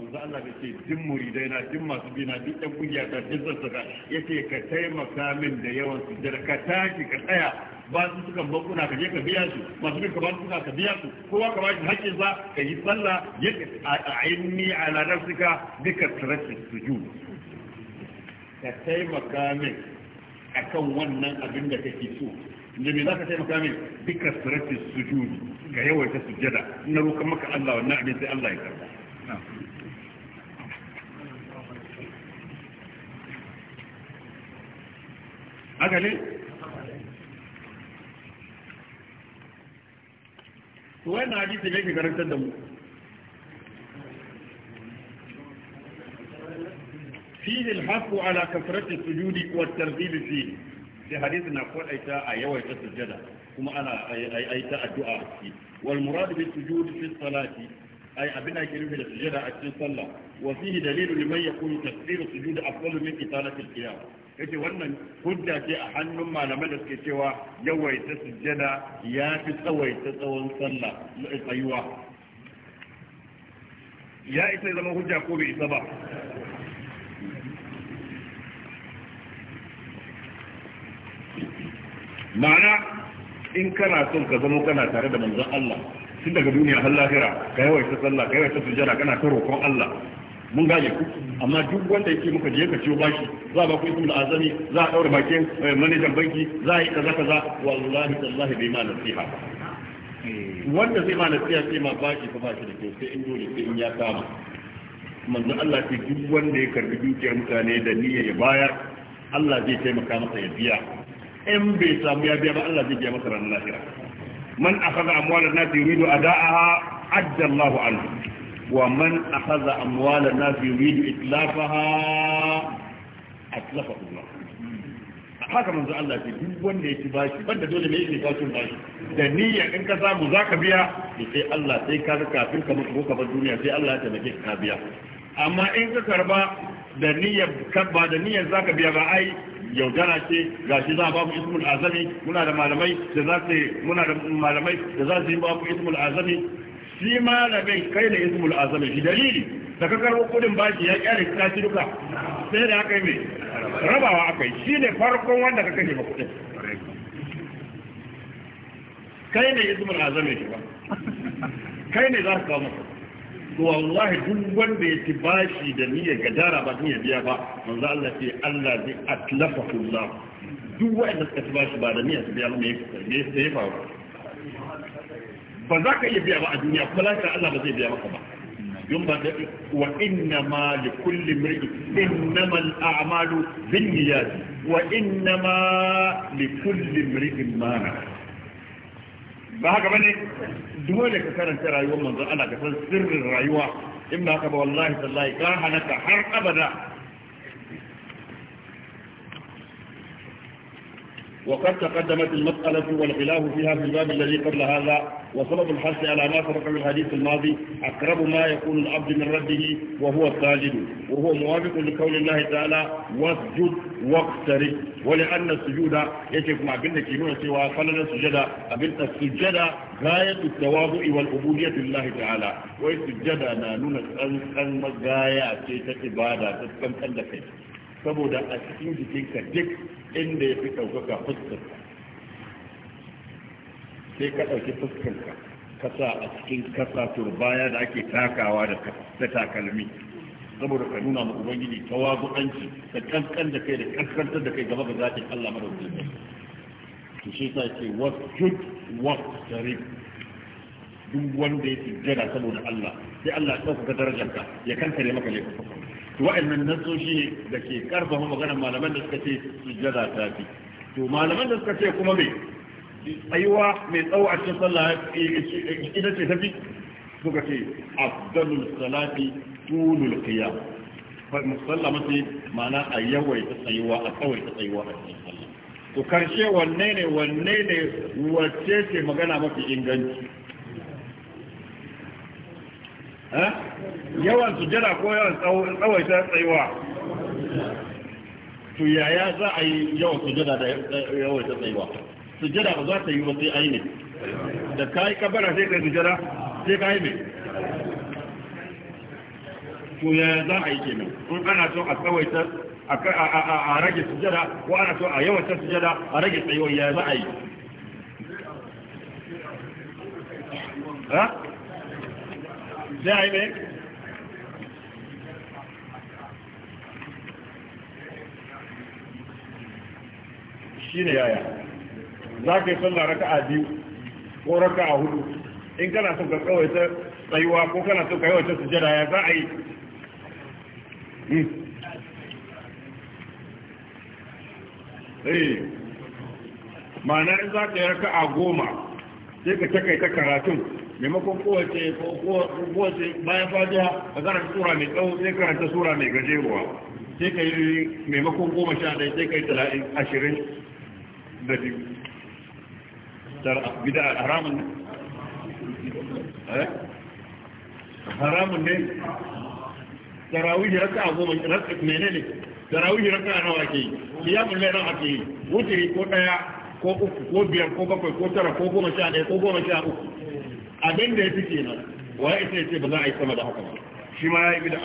A: manzo Allah bai ce duk muridai na duk masu na duk ɗan kungiya ta duk ya yace ka taimaka min da yawan su da ka tashi ka tsaya ba su suka bankuna ka je ka biya su masu bin ka ba su ka biya su kowa ka ba shi hakkin sa ka yi sallah yadda a'inni ala nafsika duka su sujud ka taimaka min akan wannan abin da kake so da me za ka taimaka min duka su sujud ka yawaita sujjada na roƙon maka Allah wannan abin sai Allah ya karba haka ne hadisi ne ke karantar da mu fihil haku ala kasarar sujudi wa tarzili fi sai hadisi na kwaɗaita a yawan ta sujada kuma ana aita addu'a a ciki wal muradu sujudi fi salati ay abin ake rufe da sujada a cikin sallah wa fihi dalilu liman yakunu tasdiru sujudi afdalu min italatil qiyam yace wannan hujja ce a hannun malaman da suke cewa yawaita sujjada ya fi tsawaita tsawon sallah tsayuwa ya isa zama hujja ko bai isa ba ma'ana in kana son ka zama kana tare da manzon Allah tun daga duniya har lahira ka yawaita sallah ka yawaita sujjada kana ta roƙon Allah mun gane ku amma duk wanda yake muka je ka ciwo bashi za ba ku ismul azami za a daura bakin eh, manajan banki za a yi kaza kaza wallahi tallahi bai ma nasiha eh. wanda zai ma nasiha sai ma bashi fa bashi da ke sai in dole sai in ya kama manzo Allah ce duk wanda ya karbi dukiyar mutane da niyya ya bayar Allah zai taimaka masa ya biya in bai samu ya biya ba Allah zai biya masa ranar lahira man akhadha amwalan nasi yuridu ada'aha adda Allahu anhu ومن أخذ أموال الناس يريد إتلافها أتلفه الله haka manzo Allah ce duk wanda ya ci bashi banda dole ne yake kashin bashi da niyya in ka samu zaka biya to sai Allah sai ka ga kafin ka mutu ka bar duniya sai Allah ya taimake ka biya amma in ka karba da niyya kan ba da niyyar zaka biya ba ai yaudara ce ga shi za a babu ismul azami muna da malamai da za su muna da malamai da za su yi babu ismul azami shi malamin kai da ismul al'azami shi dalili da ka karɓo kudin bashi ya kyale ta shi duka sai da aka yi mai rabawa aka yi shi ne farkon wanda ka kashe ba kudin kai ne ismul al'azami shi ba kai ne za su kawo masa to wallahi duk wanda ya ci bashi da niyyar gadara ba tun ya biya ba manzo Allah ce Allah zai atlafa kullahu duk wanda suka ci bashi ba da niyyar su biya ba me ya faru ba za ka iya biya ba a duniya kuma lafiya Allah ba zai biya maka ba don ba wa inna ma li kulli mri'in innama al-a'malu binniyati wa inna ma li kulli mri'in ma ba haka bane dole ka karanta rayuwar manzon Allah ka san sirrin rayuwa in ba haka ba wallahi tallahi ka halaka har abada وقد تقدمت المسألة والخلاف فيها في الباب الذي قبل هذا وسبب الحث على ما سبق من الحديث الماضي أقرب ما يكون العبد من ربه وهو الساجد وهو موافق لقول الله تعالى واسجد واقترب ولأن السجود يجب مع بنة ينون سوى فلن السجد أبنت السجد غاية التواضع والعبودية لله تعالى ويسجدنا نانون أنسان غاية تتبادى تتكمل لكي saboda a cikin jikinka duk inda ya fi ɗaukaka fuskarka sai ka ɗauki fuskarka ka a cikin kasa turbaya da ake takawa da takalmi saboda ka nuna ma ubangiji ci, ta kankan da kai da kankantar da kai gaba ga zatin Allah madaukakin sarki to shi sa ce wasjud wastarib duk wanda ya sujjada saboda Allah sai Allah ya ɗaukaka darajarka ya kankare maka laifuka wa'annan nasoshi da ke karfafa maganar malaman da suka ce sujjada ta fi to malaman da suka ce kuma me tsayuwa mai tsawo a cikin sallah eh, eh, ita ce fi suka ce afdalul salati tulul qiyam fa musalla mace ma'ana a yawaita tsayuwa a tsawaita tsayuwa a cikin sallah to karshe wanne ne wanne ne wacce ce magana mafi inganci Eh? yawan sujjada ko yawan tsawaita tsayuwa to yaya za a yi yawan sujjada da yawaita tsayuwa sujjada ba za ta yi wasu sai da ka da kabara sai ka yi sujjada sai ka yi mai to yaya za a yi nan in ana so a tsawaita a rage sujjada ko ana so a yawaita sujjada a rage tsayuwa yaya za a yi
B: eh? za a yi mai
A: shi ne yaya za ka yi sallah raka a biyu ko raka a hudu in kana son ka tsawaita tsayuwa ko kana son ka yawaita sujada ya za a yi hmm. eh ma'ana in za ka yi raka a goma sai ka takaita karatun maimakon kowace kowace bayan fajiya a zarar sura mai tsawo sai karanta sura mai gajeruwa sai ka yi maimakon goma sha ɗaya sai ka yi tala'in ashirin da biyu bida haramun
B: ne eh?
A: haramun ne tarawih raka'a goma raka'a menene tarawih a nawa ke yi kiyamun lairan ake yi wuce ko ɗaya ko uku ko biyar ko bakwai ko tara ko goma sha ɗaya ko goma sha uku abin da ya fi kenan wa ya isa ya ce ba za a yi sama da haka ba shi ma ya yi bida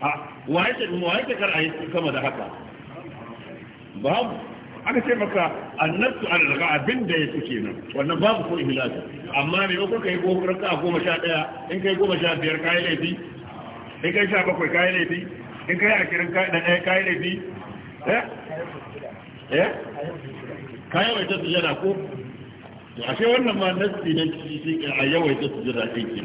A: a wa ya ce wa ya ce kar a yi sama da haka babu aka ce maka annabtu an raga abin da ya fi kenan wannan babu ko ihlasi amma me ko kai ko a goma sha daya in kai goma sha biyar kai laifi in kai sha bakwai kai laifi in kai ashirin kai da ɗaya kai laifi eh eh kai wai ta yana ko to ashe wannan ma nasi ne shi a ta su jira aiki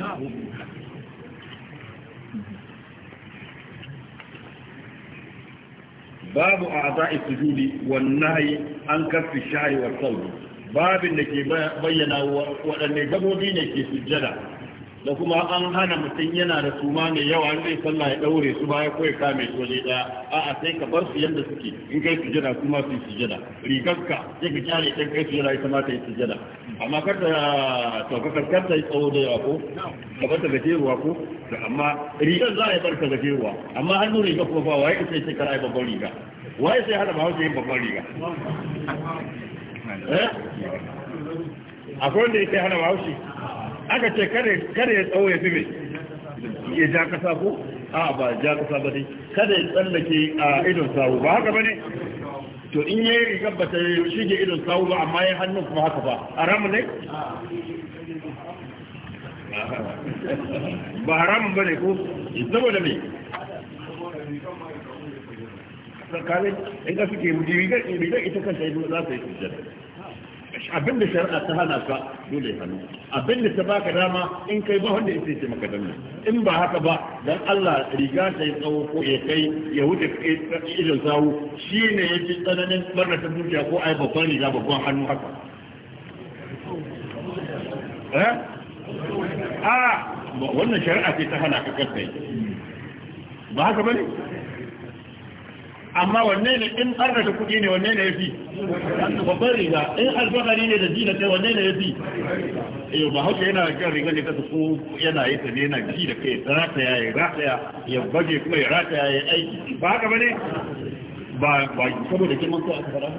A: babu a aza'i sujudi wannahi an kafi shari wa sauri babin da ke bayyana waɗanne gabobi ne ke sujjada da kuma an hana mutum yana da suma mai yawa zai salla ya daure su baya ko ya kame su waje a'a sai ka bar su yanda suke in kai sujada kuma su sujada rigarka sai ka kyale dan kai sujada ita ma ta yi sujada amma kar ta taukakar kar ta yi tsawo da yawa ko ka bar ta ruwa ko amma rigar za a yi bar ta ruwa amma an nuna rigar kuma ba waye sai sai kara yi babban riga waye sai hana ba hausa yin babban riga eh? akwai wanda ya sai hana ba hausa aka ce kare ya tsawo ya fi mai ya ja kasa ko a ba ja kasa ba ne kada ya tsallake a idon sawu ba haka ba ne to in yi rigar ba ta shige idon sawu ba amma ya hannun kuma haka ba haramu ne
B: ba haramun ba ne ko saboda me tsakanin in ka suke rigar ita
A: kanta za ta yi abin da shari'a ta hana ka dole hannu abin da ta baka dama in kai ba wanda yake ce maka danna in ba haka ba dan Allah riga ta yi tsawo ko ya kai ya wuce idan zawo shine yafi tsananin barna ta dukiya ko ai babban riga babban hannu haka eh ah! a wannan shari'a ce ta hana ka kai ba haka bane amma wanne ne in an rasa kuɗi ne wanne ne ya fi babban riga in alfahari ne da ji da kai wanne ne ya fi eh ba hauka yana kan riga ne kasa ko yana yi ta ne yana ji da kai rataya ya rataya ya baje kuma ya rataya ya aiki ba haka bane ba ba saboda kin manto a fara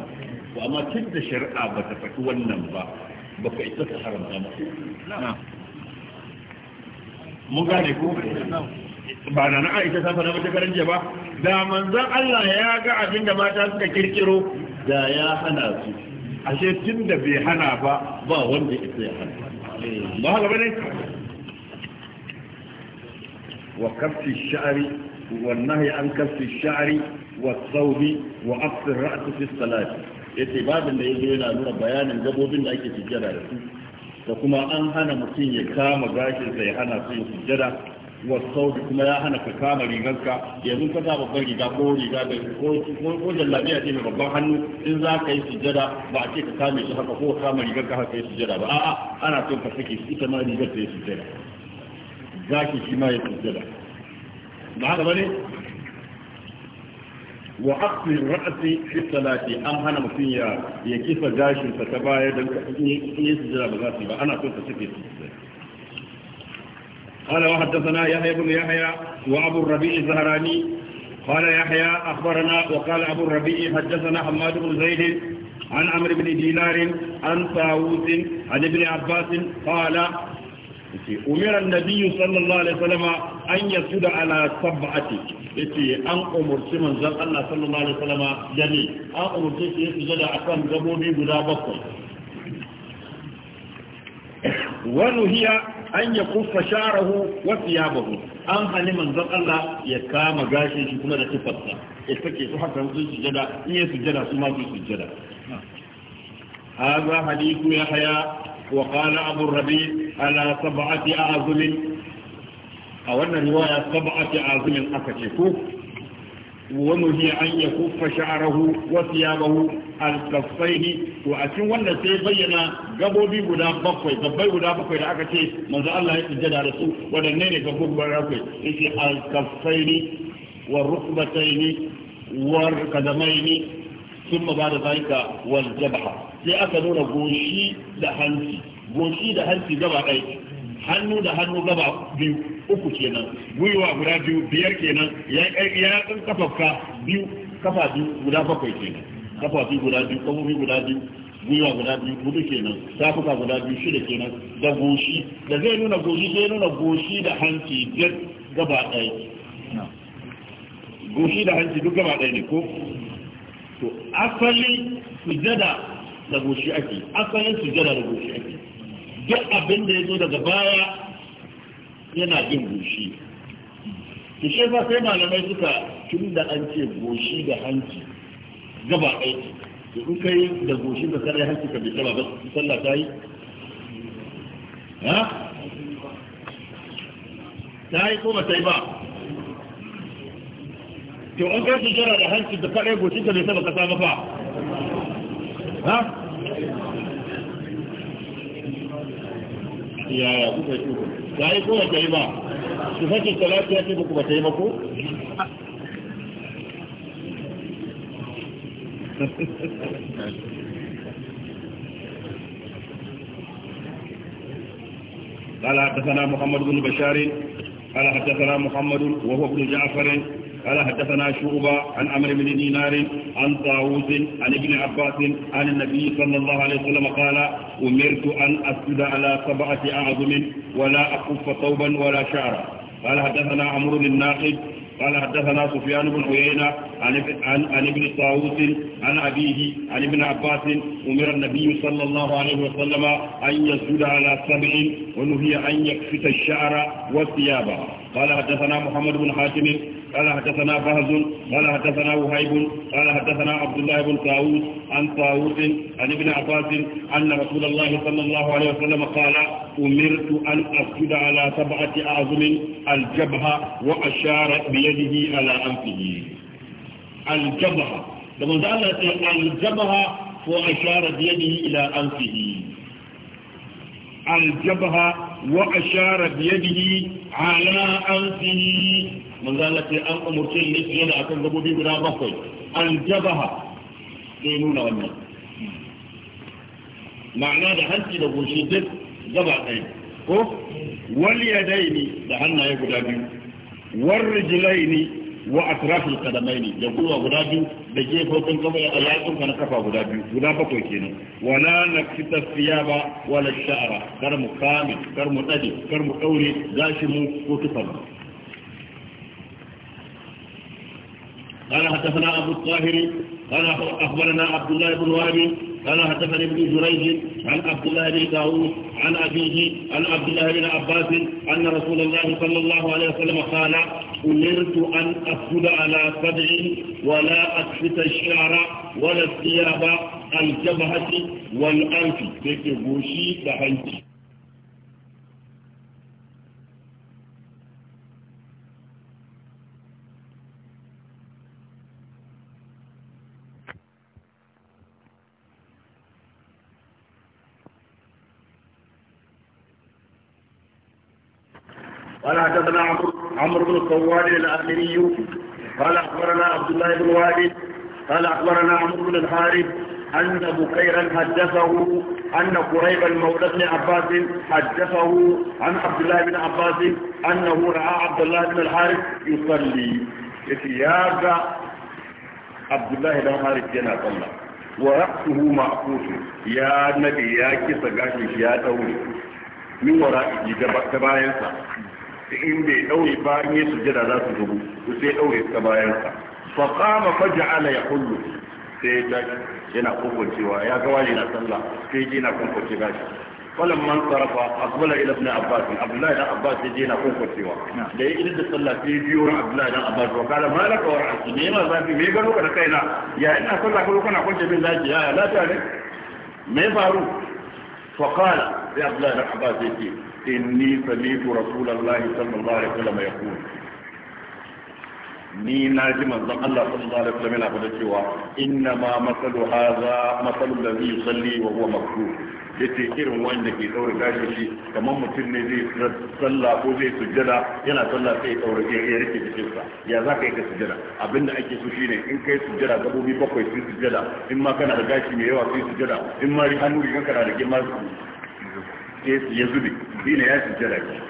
A: ba amma cin da shari'a ba ta faɗi wannan ba ba ka isa ta haramta ba mun gane ko ba na na'a aisha ta na mata karan ba da manzan Allah ya ga abin da mata suka kirkiro da ya hana su ashe tun da bai hana ba ba wanda ita ya hana ba haka bane wa kafin sha'ari. wa nahyi an kafin sha'ari wa thawbi wa aqsir ra'si fi salati ce babin da ya zo yana nuna bayanin gabobin da ake sujjada da su da kuma an hana mutum ya kama gashinsa ya hana su sujjada wasau kuma ya hana ka kama riganka yanzu ka sa babban riga ko riga da ko ko jallabiya ce mai babban hannu in za ka yi sujjada ba a ce ka kame shi haka ko ka kama riganka haka yi sujjada ba a'a ana son ka sake ita ma rigar ta yi sujjada ki shi ma ya sujjada ba haka ba ne wa aqsi ra'si fi salati an hana mutum ya ya kifa gashin sa ta baya dan ka yi sujjada ba za su ba ana son ka sake sujada. قال وحدثنا يحيى بن يحيى وابو الربيع الزهراني قال يحيى اخبرنا وقال ابو الربيع حدثنا حماد بن زيد عن عمرو بن دينار عن طاووس عن ابن عباس قال أمر النبي صلى الله عليه وسلم أن يسجد على سبعة yace an umurci manzon Allah sallallahu alaihi wasallam dani an umurce shi ya sujada akan gabobi guda bakwai wa ونهي an ya kuffa sha'rahu wa thiyabahu an hani manzon Allah ya kama gashin shi kuma da tufarsa ya take su haka sun sujada in ya sujada su ma su sujada hadha hadithu yahya wa qala abu rabi ala sab'ati a wannan riwaya sab'ati a'zum aka ce ko ونهي أن يكف شعره وثيابه الكفين وأكن ولا سيبين قبوبي بلا بقوي قبوي بلا بقوي لأكا شيء ماذا الله يتجد على سوء ودنين قبوبي بلا بقوي إيش الكفين والركبتين والقدمين ثم بعد ذلك والجبهة لأكا نون غوشي لحنسي غوشي لحنسي جبهة أيك hannu da hannu gaba biyu uku kenan gwiwa guda biyu biyar kenan ya kan kafafka biyu kafa biyu guda bakwai kenan kafa biyu guda biyu kafofi guda biyu gwiwa guda biyu hudu kenan tafuka guda biyu shida kenan da goshi da zai nuna goshi zai nuna goshi da hanci duk gaba ɗaya goshi da hanci duk gaba ɗaya ne ko to asalin sujada da goshi ake asalin sujada da goshi ake duk abin da ya zo daga baya yana jin goshi to shi fa sai malamai suka tun da an ce goshi da hanci gaba aiki to in kai da goshi da kare hanci ka bi ba sallah ta yi ha ta yi ko ba ta yi ba to an kai su jira da hanci da kare goshi ka bai saba ka saba ba ha
B: yaya kuka yi uku ta yi ko ta yi ba su sake talatu ya ce muku ba ta yi ba ko
A: قال حدثنا محمد بن بشار قال حدثنا محمد وهو ابن جعفر قال حدثنا شعبة عن عمرو بن دينار عن طاووس عن ابن عباس عن النبي صلى الله عليه وسلم قال أمرت أن أسجد على سبعة أعظم ولا أكف ثوبا ولا شعرا قال حدثنا عمرو الناقد قال حدثنا سفيان بن عيينة عن عن ابن طاووس عن أبيه عن ابن عباس أمر النبي صلى الله عليه وسلم أن يسجد على سبع ونهي أن يكفت الشعر والثياب قال حدثنا محمد بن حاتم قال حدثنا بهز قال حدثنا وهيب قال حدثنا عبد الله بن طاووس عن طاووس عن ابن عباس أن رسول الله صلى الله عليه وسلم قال أمرت أن أسجد على سبعة أعظم الجبهة وأشار بيده على أنفه الجبهة لما قال الجبهة وأشار بيده إلى أنفه الجبهة وأشار بيده على أنفه من ذلك أن أمرتين ليس يدع كذبوا بي بلا بصر الجبهة سينون والنا معناه ده هنسي ده بوشيدك جبع أين واليدين ده هنا يقول أبي والرجلين wa atrafil qadamaini da kuwa guda biyu da gefofin kafa ya yatsun ka na kafa guda biyu guda bakwai kenan wala nakita thiyaba wala sha'ra kar mu kame kar mu dade kar mu daure gashi mu ko tufar قال حدثنا أبو الطاهر قال أخبرنا عبد الله بن وهب قال حدثني ابن جريج عن عبد الله بن داوود عن أبيه عن عبد الله بن عباس أن رسول الله صلى الله عليه وسلم قال أمرت أن أسجد على سبع ولا أكفت الشعر ولا الثياب الجبهة والأنف في غوشي دهنتي قال حدثنا عمرو عمرو بن الصواد الاخري قال اخبرنا عبد الله بن وائل قال اخبرنا عمرو بن الحارث أن بكيرا حدثه أن قريبا مولى بن عباس حدثه عن عبد الله بن عباس أنه رأى عبد الله بن الحارث يصلي يتياجى عبد الله بن الحارث جنى صلى ورأسه معقوس يا نبي يا كيس يا دوري من وراء جبا تباينسا in bai daure ba in yi sujjada za su zubu to sai daure ta bayan sa fa qama faj'ala yaqullu sai ya tashi yana kokocewa ya ga wani na sallah sai ji na kokoce gashi falan man sarafa aqbala ila ibn abbas abdullahi dan abbas sai ji na kokocewa da ya idan sallah sai biyo ran abdullahi dan abbas wa kala malaka wa ra'si me ma zafi me gano ka da kaina ya ina sallah ko kana kwance bin zaki ya lafiya ne me faru fa qala ya abdullahi dan abbas sai inni sami'tu rasulullahi sallallahu alaihi wasallam yaqul ni na ji manzon Allah sallallahu alaihi wasallam yana faɗa cewa inna ma masalu hadha masalu allazi yusalli wa huwa makruh yace irin wanda ke daura gashi shi kamar mutum ne zai sallah ko zai sujjada yana sallah sai ya daura ya rike jikin sa ya za ka yi ka sujjada abinda ake so shine in kai sujjada gabobi bakwai sai sujjada in ma kana da gashi mai yawa sai sujjada in ma hannu rigan kana da girma ya zube shi ne ya sujjada ki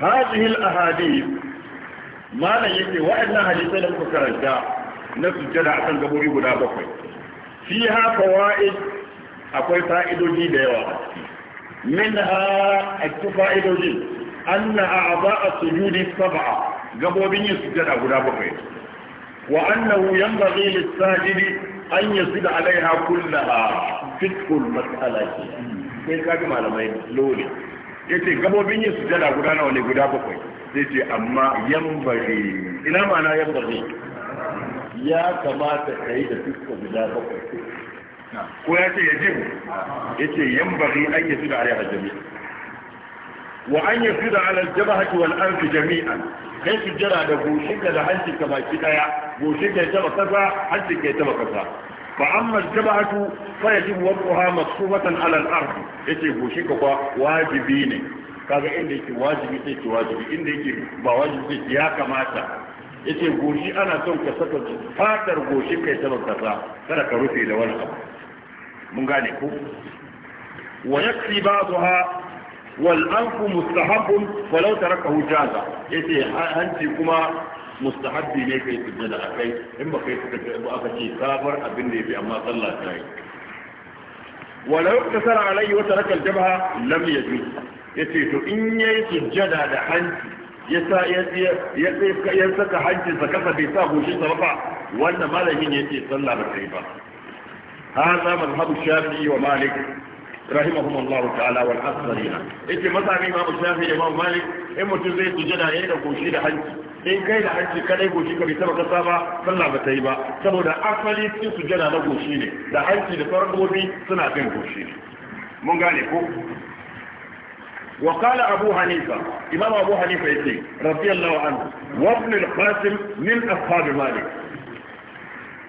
A: hadhihi ahadith malan yake wa'annan hadisai da muka karanta na sujjada akan gabori guda bakwai fiha fawaid akwai fa'idoji da yawa منها anna دي sujudi sab'a السجود yin قبل بني السجد أبو دابقين وأنه ينبغي للساجد an yanzu da alaiha a fitful matsala ke sai ka ga malamai Ya ce gabobin yin sujada guda nawa ne guda bakwai sai ce amma yambari ina mana yambari ya kamata ka yi da fitful guda bakwai ko ya ce ya ji ya ce yambari an yi su da alaiha jami'a wa an yi su da alal jabahati wal anfi jami'an kai sujada da goshinka da hancinka baki daya goshi ke taba kasa hanci ke taba kasa fa amma jaba'atu fa yajibu wad'uha masfufatan ala al-ard yace goshi ka kwa wajibi ne kaga inda yake wajibi sai ki wajibi inda yake ba wajibi sai ya kamata yace goshi ana son ka saka fatar goshi kai taba kasa kada ka rufe da wani abu mun gane ko wa yakfi ba'daha wal anfu mustahabbun falau tarakahu jaza yace hanci kuma mustahabbi ne kai sujjada a kai in ba kai suka ce ba aka ce sabar abin da ya fi amma sallah ta yi walau ta sara alayhi wata rakal jabha lam yajuz yace to in yayi sujjada da hanci ya sa ya ya ya saka hancinsa kasa bai sa goshin sa ba wannan malamin yace sallah ba ta yi ba هذا مذهب الشافعي ومالك رحمهم الله تعالى والأكثرين إذا مثلا إمام الشافعي إمام مالك إما تزيد جدا يدك وشيد حنك in kai da hanci kadai goshi ka bai taba kasa ba sallah ba ta yi ba saboda asali cikin sujjada na goshi ne da hanci da fargobi suna kan goshi ne mun gane ko وقال أبو حنيفة إمام أبو حنيفة يقول رضي الله عنه وابن القاسم من أصحاب مالك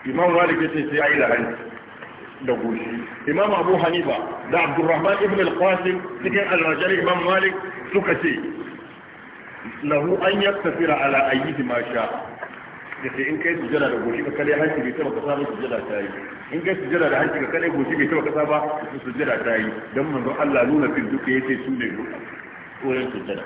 A: إمام مالك يقول سيعي لعنه دقوشي إمام أبو حنيفة ده عبد الرحمن ابن القاسم سكن الرجال إمام مالك يقول lahu an yaktafira ala ayyihi ma sha da sai in kai sujada da goshi ka kare hanci bai taba kasa ba sujada ta yi in kai sujada da hanci ka kare goshi bai taba kasa ba sujada ta yi dan manzo Allah nuna fil duka yace su ne wurin sujada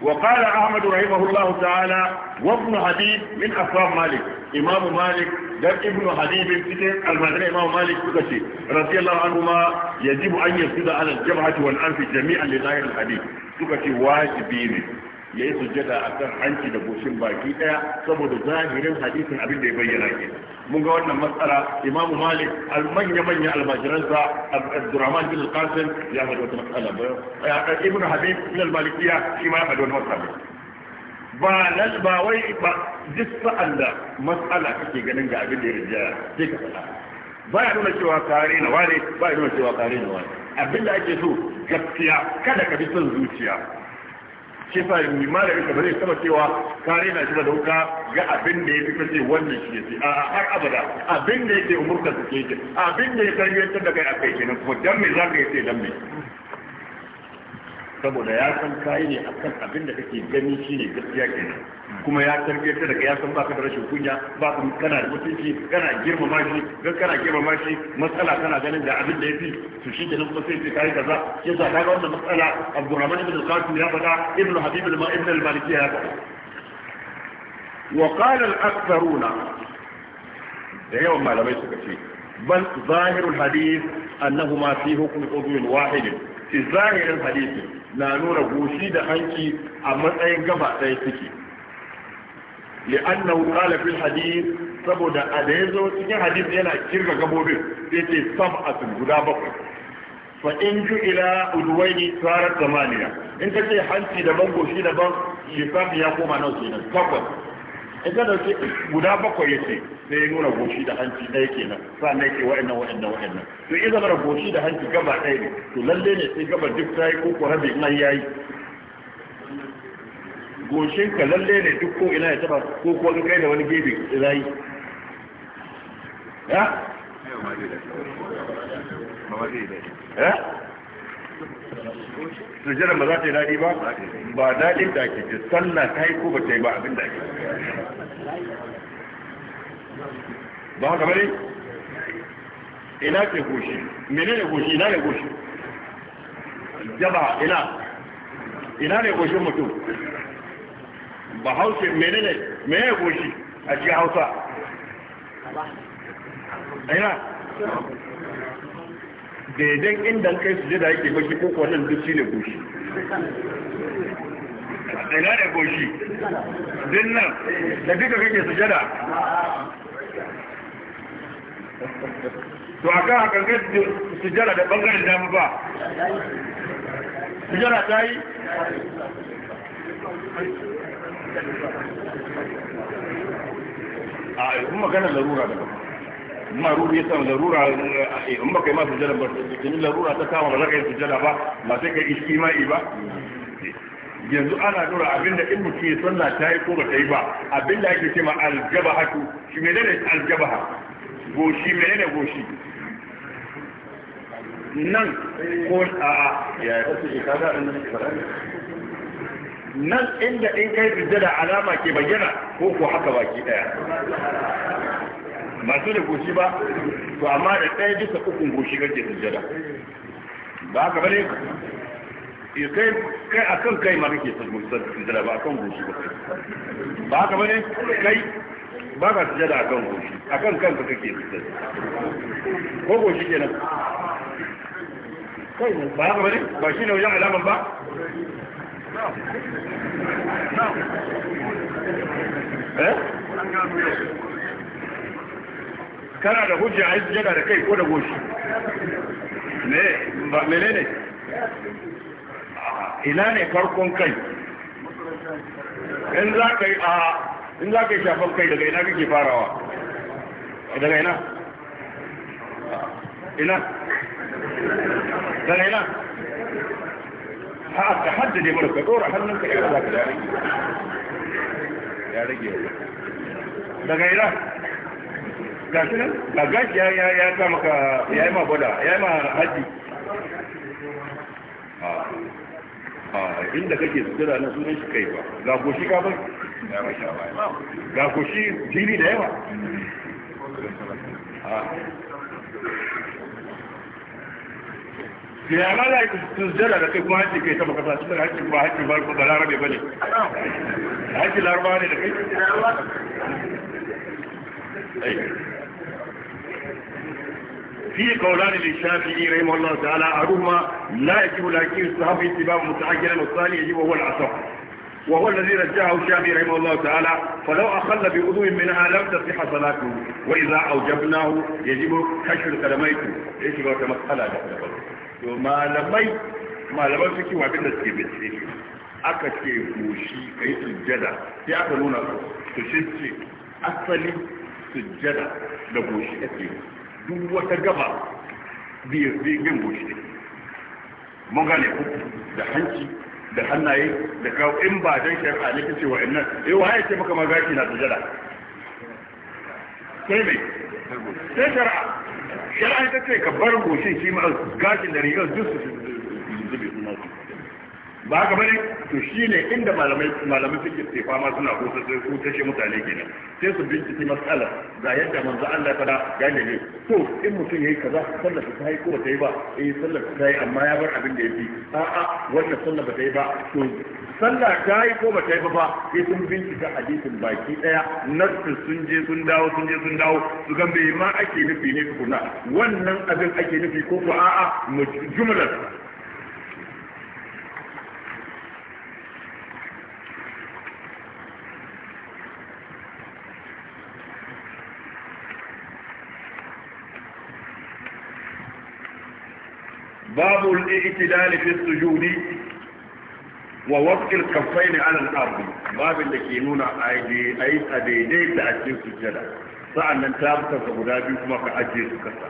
A: وقال أحمد رحمه الله تعالى وابن حبيب من أصحاب مالك إمام مالك دم ابن حبيب كتير المدني إمام مالك كتير رضي الله عنهما يجب أن يسجد على الجبهة والأنف جميعا لظاهر الحديث suka ce wajibi ne ya yi sujjada a kan hanci da goshin baki daya saboda zahirin hadisin abin da ya bayyana ke mun ga wannan matsala imamu malik manya manya almajiransa abdurrahman bin alqasim ya faɗi wata matsala ba eh, ibnu habib bin almalikiya shi ma ya faɗi wata matsala ba nan ba wai ba duk sa'an da matsala kake ganin ga abin da ya rijiya sai ka faɗa ba ya nuna cewa kare na wane ba ya nuna cewa kare na wane abinda ake so gaskiya kada ka bi son zuciya shi sa yi malamin yi kamar zai cewa kare na shi da dauka ga abin da ya fi kace wannan shi ce a har abada abin da yake umurka su ke abin da ya tarbiyyar da kai a kai kenan kuma dan me zaka ce dan me saboda ya san kayi ne akan abin da kake gani shi ne gaskiya kenan kuma ya tarbe ta daga ya san baka da rashin kunya ba baka kana da mutunci kana girmama shi ga kana girmama shi matsala kana ganin da abin da yafi su shi kenan kuma sai kai kaza sai ka ga wannan matsala Abdurrahman ibn al-Qasim ya faɗa Ibn Habib ibn al-Maliki ya faɗa wa qala al-aktharuna da yawan malamai suka ce bal zahirul hadith annahuma fi hukm udwin wahid fi zahirin hadith na nuna goshi da hanki a matsayin gaba ɗaya suke li'annahu qala fil hadith saboda a da yazo cikin hadith yana kirga gabobin sai ce sab'atun guda bakwai fa in ju ila udwaini sarat in kace hanci da bango shi da ban lissafi ya koma nan kenan bakwai in ka dauke guda bakwai yace sai ya goshi da hanci ɗaya kenan sannan yake wa'annan wa'annan wa'annan to in zama goshi da hanci gaba ɗaya ne to lallai ne sai gaba duk tayi ko ko rabi nan yayi goshin ka lalle ne duk ko ina ya taba ko ko in kai da wani gefe zai ya ya sujjada ba za ta yi daɗi ba ba daɗin da ake ce sallah ta yi ko ba ta yi ba abin da ake ba haka bane ina ke goshi menene goshi ina ne goshi jaba ina ina ne goshin mutum ba hausa ne me ya goshi a cikin hausa aina daidan inda kai su jida yake goshi ko kwanan nan duk ne goshi aina ne goshi din nan da duka kake su jada to a haka kai su jada da bangaren damu ba su jada ta yi a in magana larura da ma ruhu ya samu larura in baka yi ma sujada ba domin larura ta kama ba za ka yi sujada ba ba sai ka yi ma'i ba yanzu ana dora abinda in mutu ya sanna ta yi ko ba ta yi ba abinda ake ce ma aljabahatu shi mai ne aljabaha goshi mai ne goshi nan ko a ya yi nan inda in kai sujjada alama ke bayyana ko ko haka baki daya ba su da goshi ba to amma da ɗaya bisa ukun goshi kake sujjada ba ka bane eh, kai kai akan kai ma kake sujjada ba akan goshi ba ba ka bane kai ba ka sujjada akan goshi akan ka kake sujjada ko goshi kenan
B: kai ba ka bane ba shine wajen alaman ba Eh?
A: kana da hujja a yi sujada da kai ko da goshi ne ba mele ne
B: ina ne farkon kai in za
A: ka yi a in za ka yi shafan kai daga ina kake farawa daga ina ina daga ina ha ka haddade mana ka dora hannunka ya za ka dare ya rage daga ina ga shi nan ga gashi ya ya ya ka maka ya yi ma gwada ya yi ma haji
B: a inda kake
A: sutura na sunan shi kai ba ga goshi ka bai ga goshi jiri da yawa ya ma za ki sujjada da kai kuma hajji kai sama kasa cikin hajji ba hajji ba ko balarabe ba
B: في قولان للشافعي
A: رحمه الله تعالى أرهما لا يجب لكن الصحابي اتباع متعجلا والثاني يجب هو العصر وهو الذي رجعه الشافعي رحمه الله تعالى فلو أخل بأذو منها لم تصح صلاته وإذا أوجبناه يجب كشف قدميه يجب كمسألة to malamai malaman suke wabin da suke bincike aka ce goshi kai sujjada sai aka nuna su shi ce asali sujjada da goshi ake duk wata gaba biyar bin goshi mun gane ku da hanci da hannaye da kawo in ba dan shari'a ne kace wa innan eh wa yace ce maka magaki na sujjada sai mai sai shari'a shari'a ta ce ka bar goshin shi ma gashin da rigar duk su zube suna su ba ka bane to shine inda malamai malamai suke tefa ma suna ko sai ko tashi mutane kenan sai su binciki mas'ala ga yadda manzo Allah ya fada gane ne to in mutum yayi kaza sallar ta yi ko ta yi ba eh sallar ta yi amma ya bar abin da yafi a a wannan sallar ba ta yi ba to sallar ta yi ko ba ta yi ba sai sun bincika hadisin baki daya nassin sun je sun dawo sun je sun dawo su ga me ma ake nufi ne tukuna wannan abin ake nufi ko ko a a jumlar باب الاعتدال في السجود ووضع الكفين على الارض باب اللي ke nuna aidi ai a daidai da ake sujjada sa'annan ta buka guda biyu kuma ka ajiye su kasa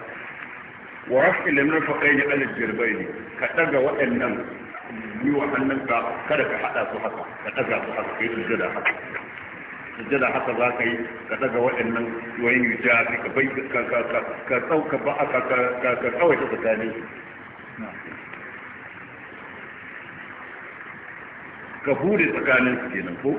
A: wa rafi limnar faƙaini alal jirbaini ka ɗaga waɗannan biyu hannunka kada ka haɗa su haka ka ɗaga su haka kai sujjada haka sujjada haka za ka yi ka daga waɗannan wani yuja ka bai ka ka ka ka ka ka ka ka ka ka ka ka bude tsakanin su kenan ko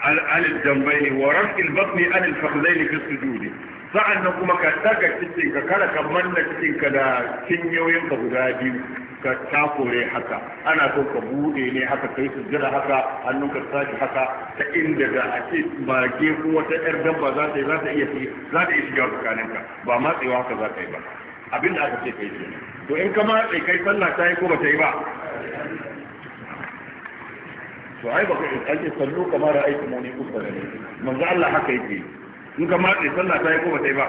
A: al jambaini wa raf'il batni an al fakhdaini fi sujudi sa'annan kuma ka daga cikin ka kada ka manna cikin ka da cinyoyin ka guda biyu ka takure haka ana so ka bude ne haka kai su jira haka hannun ka sake haka ta inda da a ce mage ko wata yar dabba za ta yi iya za ta iya shiga tsakanin ka ba matsewa haka za ta yi ba abin da aka ce kai ce to in ka matse kai sallah ta yi ko ba ta yi ba to ai ba kai ake sallu kamar da aiki muni kusa da ne manzo Allah haka yake in ka kai sallah ta yi ko ba ta yi ba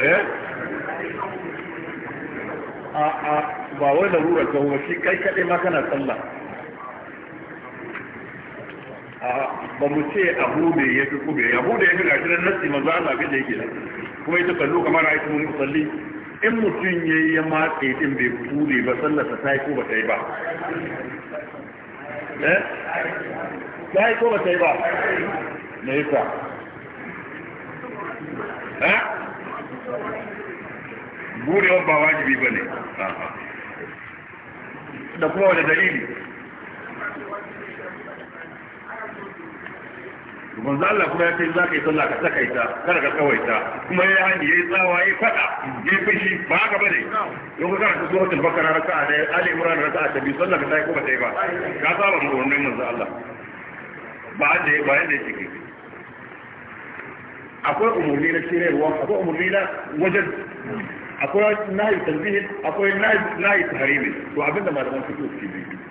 A: eh a a ba wai larura ta ba shi kai kaɗai ma kana sallah ba mu ce abu da ya fi kube abu da ya fi gashi nan nasi manzo Allah ga da yake kuma ita kallo kamar ayi mun musalli in mutum ya yi matse din bai kube ba sallar ta sai ko ba sai ba eh sai ko ba sai ba me yasa eh gurewa ba wajibi bane da kuma wani dalili manzo Allah kuma ya ce za ka yi sallah ka saka ita kada ka kawaita kuma ya hani yayi tsawa yayi fada yayi fishi ba haka bane don ka karanta suratul bakara raka'a da ali imran raka ta biyu sallah ka sai ko ba sai ba ka saba mu wannan manzo Allah ba da ba yanda yake akwai umurni na ruwa akwai umurni na wajen akwai nahi tanzihin akwai nahi tahrimi to abinda malaman suke suke bi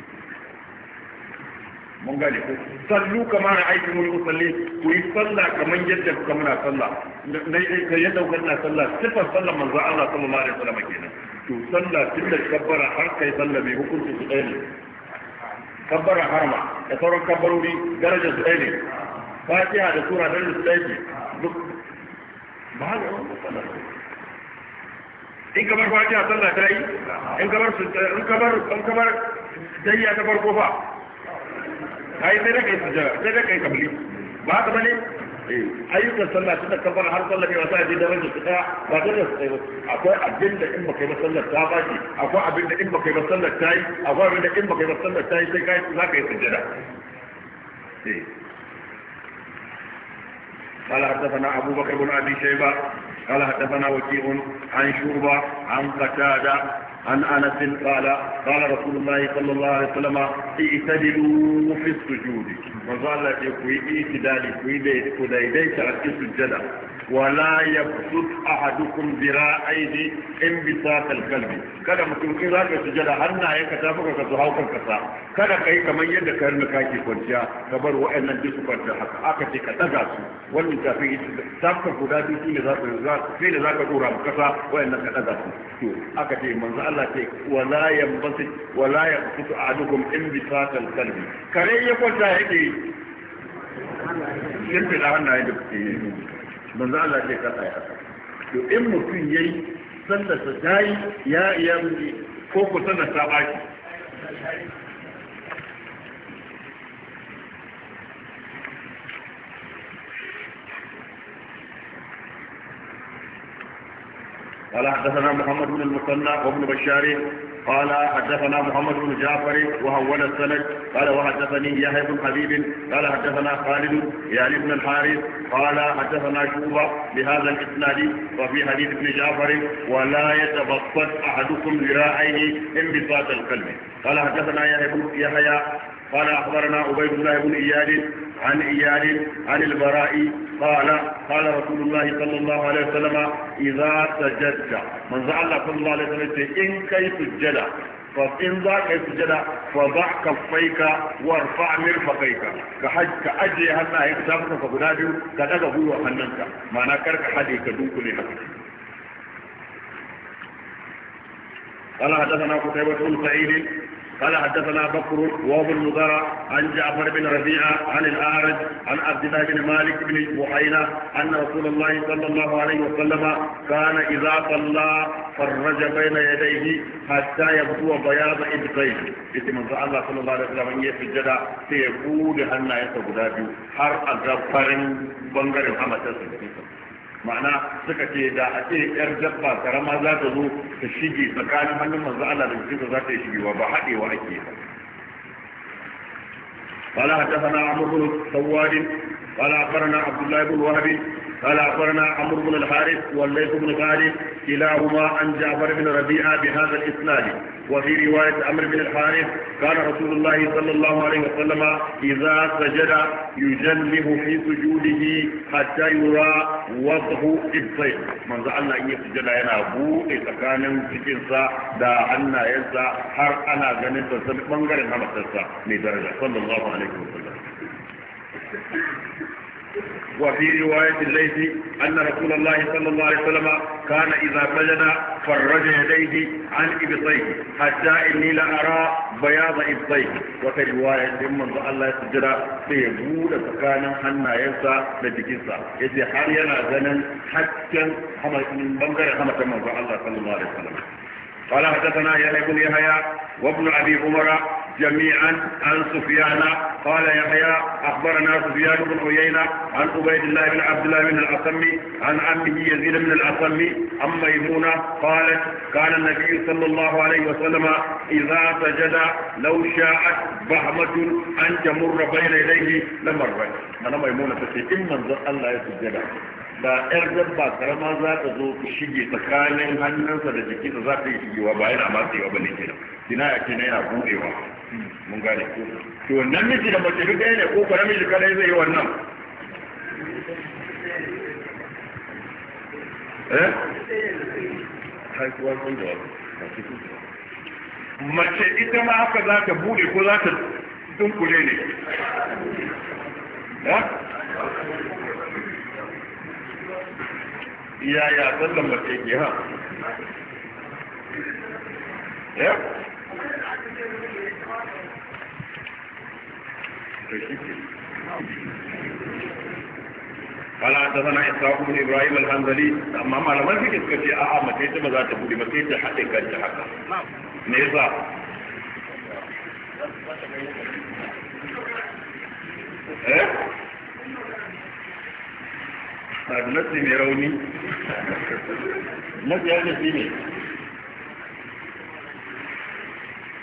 A: mun gane ko sallu kama na aikin wani usalli ku yi sallah kaman yadda kuka muna sallah da yadda kuka muna sallah sifar sallah manzo Allah sallallahu alaihi wasallam kenan to sallah tun da kabbara har kai sallah mai hukunci su ɗaya ne kabbara harma da sauran kabbarori daraja su ɗaya ne fatiha da sura da su ɗaya ne duk ba haka wani sallah in kamar fatiha sallah ta yi in kamar in kamar in kamar dayya ta farko fa kai sai da kai sujjada sai da kai kabli ba haka bane eh, ayyukan sallah tun da kafar har sallah ne wasa je daraja su daya ba ta su daya akwai abin da in baka yi sallar ta baki akwai abin da in baka yi sallar ta yi akwai abin da in baka yi sallar ta yi sai kai za ka yi sujjada eh. قال حدثنا أبو بكر بن أبي شيبة قال حدثنا وكيع عن شعبة عن قتادة عن أنس قال قال رسول الله صلى الله عليه وسلم اعتدلوا في السجود وقال وظل يقوي اعتدالي قوي ديت قديديت عكس الجدل wala yabsut ahadukum dhira'aihi in bisaqal qalbi kada mutum in zaka sujada hannaye ka tafi ka su haukan kasa kada kai kamar yadda ka rinka kake kwanciya ka bar wa'annan duk su haka aka ce ka daga su wannan tafi tafi guda biyu ne za su sai da zaka dora mu kasa wa'annan ka daga su to aka ce manzo Allah ce wala yabsut wala yabsut ahadukum in bisaqal qalbi kare ya kwanta yake shirfi da hannaye da kuke yi manzo Allah ce kar a yi haka to in mutum yayi sallarsa ta yi ya iya ko ku sallar ta baki قال حدثنا محمد بن المثنى وابن بشار قال حدثنا محمد بن جعفر وهول السند قال وحدثني يحيى بن حبيب قال حدثنا خالد يعني بن الحارث قال حدثنا شوبة بهذا الإسناد وفي حديث ابن جعفر ولا يتبطل أحدكم ذراعيه انبساط القلب قال حدثنا يحيى قال أخبرنا عبيد الله بن إياد عن إياد عن البراء قال قال رسول الله صلى الله عليه وسلم إذا سجدت من زعل صلى الله عليه وسلم إن كي سجد فإن ذاك سجد فضع كفيك وارفع مرفقيك كحج كأجي هنا يكتبك فقنادي كدك هو حننك ما نكرك حدي كدوك لحقك قال حدثنا قتيبة بن سعيد قال حدثنا بكر وهو المزارع عن جعفر بن ربيعة عن الأعرج عن عبد الله بن مالك بن بحينة أن رسول الله صلى الله عليه وسلم كان إذا صلى فرج بين يديه حتى يبدو بياض إبطيه إذا من الله صلى الله عليه وسلم يسجد سيقول أن يسجد har a gafarin bangaren hamatar su ma'ana suka ce da a ce yar dabba karama za ta zo ta shige tsakanin hannun manzo Allah da jikinsa za ta yi shigewa ba haɗewa ake ba قال حدثنا عمرو بن سواد قال اخبرنا عبد الله بن وهب قال أخبرنا عمرو بن الحارث والليث بن خالد كلاهما عن جعفر بن ربيعة بهذا الإسناد وفي رواية عمرو بن الحارث كان رسول الله صلى الله عليه وسلم إذا سجد يجنب في سجوده حتى يرى وضه إبطيه من زعلنا إن يسجد ينا بوء تكان سكنسا دا أن ينسى حر أنا غنين تسمي من غير نمسا لدرجة صلى الله عليه وسلم وفي رواية الليث أن رسول الله صلى الله عليه وسلم كان إذا سجد فرج يديه عن إبطيه حتى إني لأرى بياض إبطيه وفي رواية من الله سجد بودة فكان حنا ينسى لتكسى يجي حاليا زمن حتى حمد من بنجر حمد من الله صلى الله عليه وسلم قال حدثنا يحيى بن يحيى وابن ابي عمر جميعا عن سفيان قال يحيى اخبرنا سفيان بن عيينه عن عبيد الله بن عبد الله بن الاصم عن عمه يزيد بن الاصم عن ميمونه قالت كان النبي صلى الله عليه وسلم اذا سجد لو شاءت بهمه ان تمر بين يديه لمرت انا ميمونه تسي ان الله يسجدها da yar dabba karama za ta zo shige tsakanin hannunsa da jikinsa za ta yi shigewa ba yana matsewa ba ne kenan kina ya kenan yana buɗewa mun gane ko to miji da mace duk ɗaya ne ko ko namiji kadai zai yi wannan eh da mace ita ma haka za ta buɗe ko za ta dunkule ne eh? yaya sallan mace ke ha ya قال حدثنا اسحاق بن ابراهيم الحنظلي اما ما لم يذكر كفي اه ما تيجي ما ذات بودي ما تيجي حتى كان حقا نعم نيزا ايه nasi mai rauni nasi ya nasi ne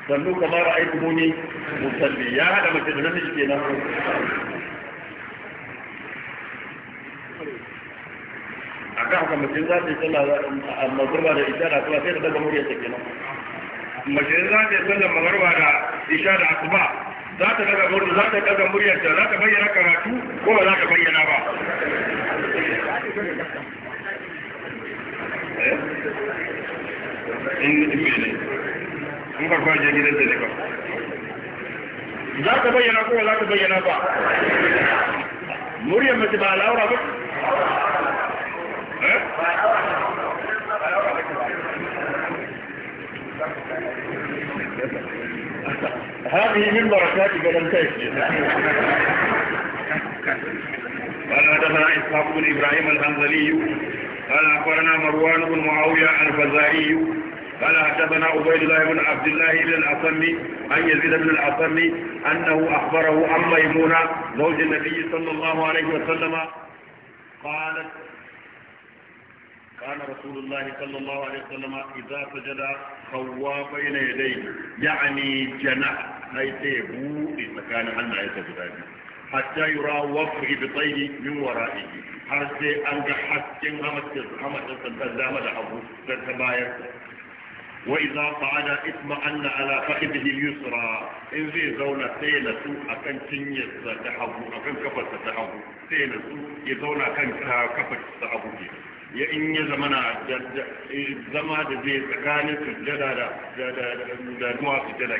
A: sannu kamar a aiki muni musalli ya haɗa mace da nasi ke nan
B: a kan haka mace za ta yi sallah
A: a mazurba da isa da kuma sai da daga murya ke nan mace za ta yi sallah mazurba da isa da asuba za ta daga murya za ta muryarta za ta bayyana karatu ko ba za ta bayyana ba in mene in ka kwaje gidan da daga
B: za ka bayyana ko za ka bayyana ba muryar mace ba al'aura ba هذه من بركات قدم كيف قال
A: حدثنا إسحاق بن إبراهيم الحنظلي قال أخبرنا مروان بن معاوية الفزائي قال حدثنا عبيد الله بن عبد الله بن الأصم عن يزيد بن الأصم أنه أخبره عن ميمونة زوج النبي صلى الله عليه وسلم قالت كان رسول الله صلى الله عليه وسلم إذا سجد خوا بين يديه يعني جناح هو تيبو مكان عنا يسجد هذه hatta yura wafri bi tayyi min wara'i har sai an ga hasken hamadin hamadin da dama da abu da bayan وإذا قعد اطمأن على فخذه اليسرى إن ذي زونة سيلة أكن تنية تحبو أكن كفة تحبو سيلة يزونة أكن كفة تحبو ya in ya zamana zama da zai tsakanin sujjada da da da da da da da da da da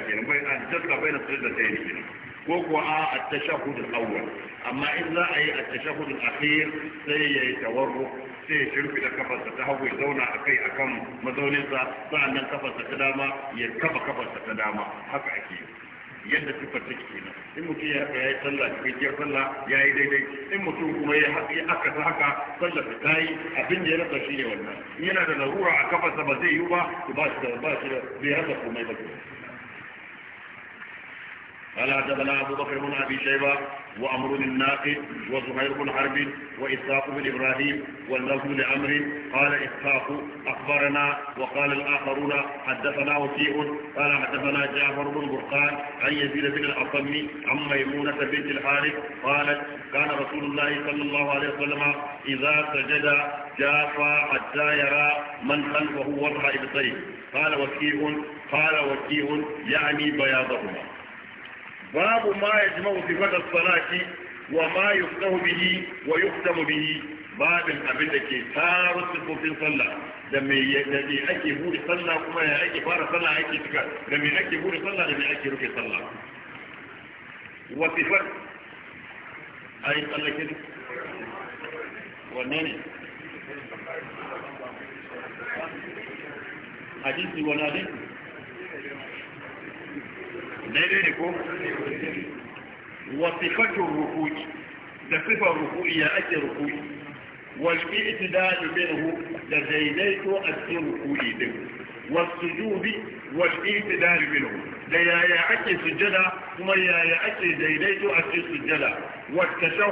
A: da da da da da ko kuwa a at-tashahhud al-awwal amma in za a yi at-tashahhud al-akhir sai ya yi tawarru sai ya shirfi da kafarsa ta hagu ya zauna a kai akan mazauninsa sa'annan kafarsa ta dama ya kafa kafarsa ta dama haka ake yi yadda sifar take kenan in mutum ya yi sallah cikin cikakkiyar sallah ya yi daidai in mutum kuma ya haƙi aka ta haka sallar da ta yi abin da ya rasa shi ne wannan yana da larura a kafarsa ba zai yi ba ba shi da ba shi da bai rasa komai ba قال حدثنا أبو بكر بن أبي شيبة وأمر بن الناقد وزهير بن حرب وإسحاق بن إبراهيم واللفظ لامر قال إسحاق أخبرنا وقال الآخرون حدثنا وكيع قال حدثنا جعفر بن برقان عن يزيد بن الأصم عن ميمونة بنت الحارث قالت كان رسول الله صلى الله عليه وسلم إذا سجد جافا حتى يرى من خلفه وضع إبطيه قال وكيع قال وكيع يعني بياضهما babu ma yajma'u fi fadl salati wa ma yi yuftahu bihi wa yuftamu bihi babin abin da ke taro sifofin sallah da me da me ake bude sallah kuma ya ake fara sallah ake tuka da me ake bude sallah da me ake rufe sallah wa sifat a yi ke wannan ne hadisi wala hadisi daidai ne ko Wasu wasifatun ruku'i da sifar ruku'i ya ake ruku'i walƙi itidalu minhu da daidaito a cikin ruku'i din wasu walƙi itidalu minhu da yaya ake sujjada kuma yaya ake daidaito a cikin sujjada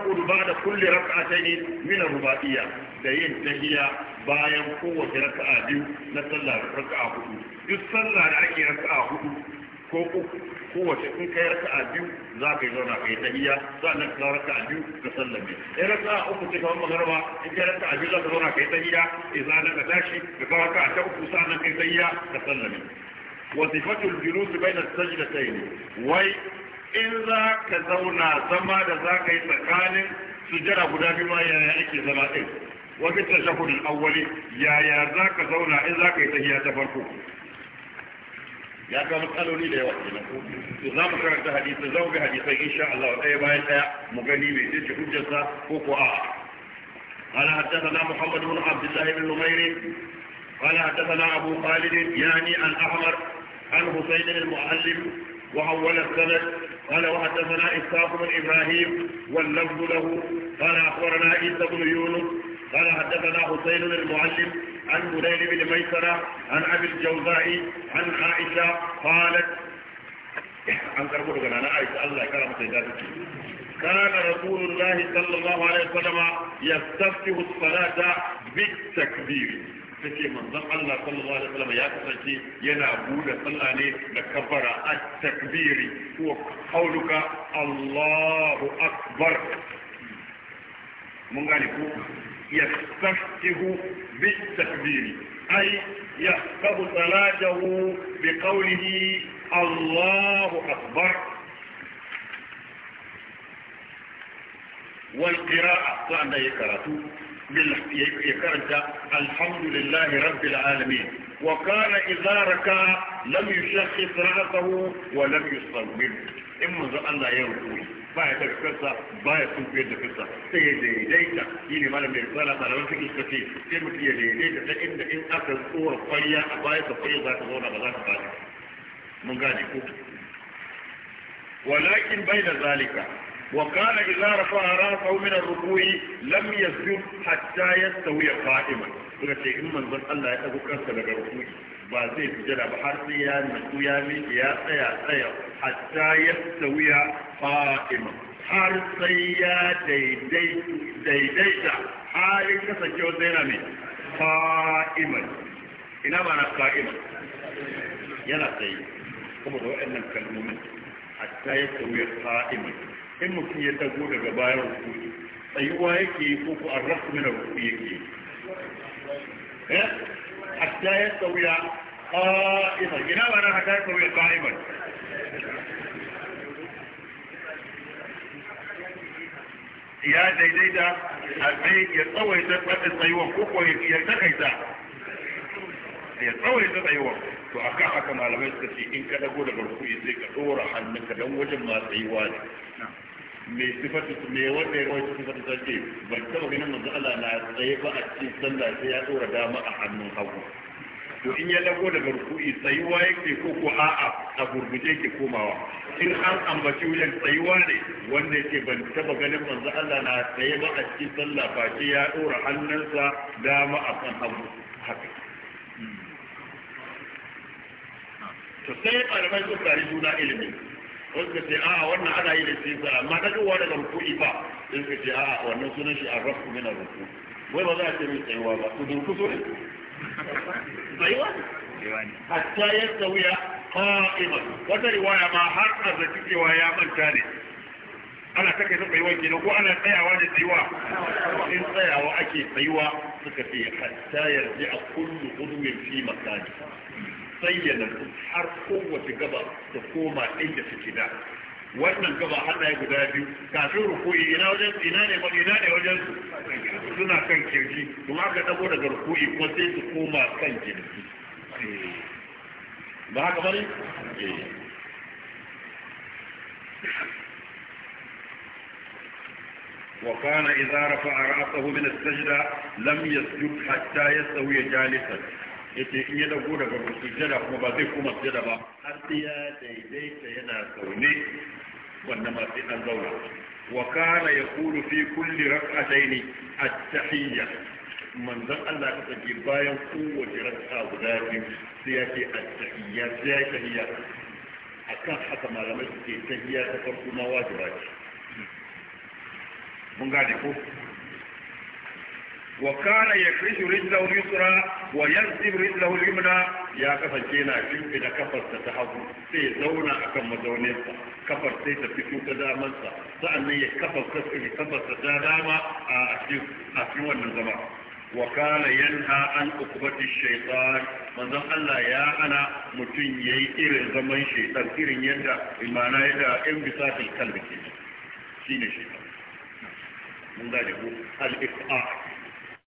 A: kulle raka كل ركعتين من الرباعية da yin tahiya bayan kowace a biyu na sallar raka a hudu duk sallar da ake a hudu ko uku kowace in kai a biyu za ka yi zauna ka yi tahiyya sannan ka raka a biyu ka sallame in raka'a uku ce kamar magarba in kai a biyu za ka zauna ka yi tahiyya idan ka tashi ka kawo a ta uku sannan ka yi tahiyya ka sallame wasifatul julus bayna sajdatayn wai in za ka zauna zama da za ka yi tsakanin sujjara guda biyu ma yaya ake zama din wata tashahudul awwali yaya za ka zauna in za ka yi tahiyya ta farko ya ga matsaloli da yawa kenan to za mu karanta hadisi za mu ga hadisai insha Allah ɗaya bayan ɗaya mu gani me ce hujjarsa ko ko a'a قال حدثنا محمد بن عبد الله بن نمير قال حدثنا أبو خالد يعني عن أحمر عن حسين المعلم وحول السند قال وحدثنا إسحاق بن إبراهيم واللفظ له قال أخبرنا عيسى بن يونس قال حدثنا حسين المعلم عن هليل بن ميسرة عن أبي الجوزاء عن عائشة قالت عن كربوك أنا عائشة الله كرمت ذلك كان رسول الله صلى الله عليه وسلم يستفتح الصلاة بالتكبير take manzon Allah sallallahu alaihi wasallam ya kasance yana bude sallah da kabara at-takbiri ko qauluka Allahu akbar mun gane يستفتح بالتكبير أي يحفظ صلاته بقوله الله أكبر والقراءة وأن يكرته يكرت الحمد لله رب العالمين وكان إذا ركع لم يشخص رأسه ولم يصبر إما أن لا يركوه ba ya daga kansa ba ya sunkuyar da kansa sai ya daidaita shi ne malam mai risala malaman fiƙi suka ce sai mutum ya daidaita ta inda in aka tsora kwarya a baya ka kwarya za ta zauna ba za ta bada mun gane ko walakin bai da zalika وكان إذا رفع رأسه من الركوع لم يسجد حتى يستوي قائما suka ce in manzon Allah ya ɗago kansa daga rukuni ba zai sujada ba har sai ya nutsu ya miƙe ya tsaya tsaya حتى يستوي قائما حرصي يا ديديتا حالي تسجيو زينامي قائما إنا معنى قائما يلا قيم قبضوا أن الكلمون حتى يستوي قائما إما كي يتقول ببايا ركوي أيوة يكي يفوق الرخ من ركويكي
B: إيه؟ حتى
A: يستوي قائما قائما ya daidaita a ya tsawaita wadda tsayuwan ko ya takaita ya tsawaita tsayuwan to a kan haka malamai suka ce in ka dago daga rukuni sai ka ɗora ka don wajen ma tsayuwa ne mai sifatu me wanda ya rawaita sifatu sarki ba ban taɓa ganin manzo Allah na tsaye ba a cikin sanda sai ya ɗora dama a hannun hagu to in ya dago daga ruku'i tsayuwa yake ko ko a'a a gurguje yake komawa in an ambaci wajen tsayuwa ne wanda yake ban taba ganin manzo Allah na tsaye ba a cikin sallah ba ce ya dora hannunsa dama kan abu? haka to sai malamai su tare juna ilimi wanda ce a'a wannan ana yi da shi sa amma na duwa daga ruku'i ba in ka ce a'a wannan sunan shi rafu mina ruku'i wai ba za a ce mai tsayuwa ba su durkuso ne tsayuwa hatta ya sauya qa'iman wata riwaya ma har a zaci cewa ya manta ne ana ta kai tsayuwa kenan ko ana tsayawa da tsayuwa in tsayawa ake tsayuwa suka fi hatta yarji a kullu udwin fi makani sai har kowace gaba da koma inda suke da wannan gaba Allah ya guda biyu kafin ruku'i ina wajen ina ne ba ina ne wajen suna kan kirji kuma aka dago daga ruku'i ko sai su koma kan kirji ba haka kana idza rafa'a ra'sahu min as-sajda lam yasjud hatta يستوي jalisan yace in ya dago daga sujjada kuma ba zai koma sujjada ba har sai ya daidaita yana sauni وكان يقول في كل ركعتين التحية من ذا الله تجيبا قوة جرد أغذاب سياتي التحية سياتي هي أكاد حتى ما لمست التحية تفرق مواجبات من قاعد وكان يكرش رجله اليسرى وينزل رجله اليمنى يا كفا جينا شمك كفا ستتحفظ سيزونا أكم مدونيسا kafar sai ta fito ta damansa za ya kafa kafa ya kafa ta da dama a cikin wannan zama wa kana yanha an ukubati shaytan manzon Allah ya hana mutum yayi irin zaman shaytan irin yadda imana yadda in bisati kalbi shine shaytan mun da ji
B: al-ifa'a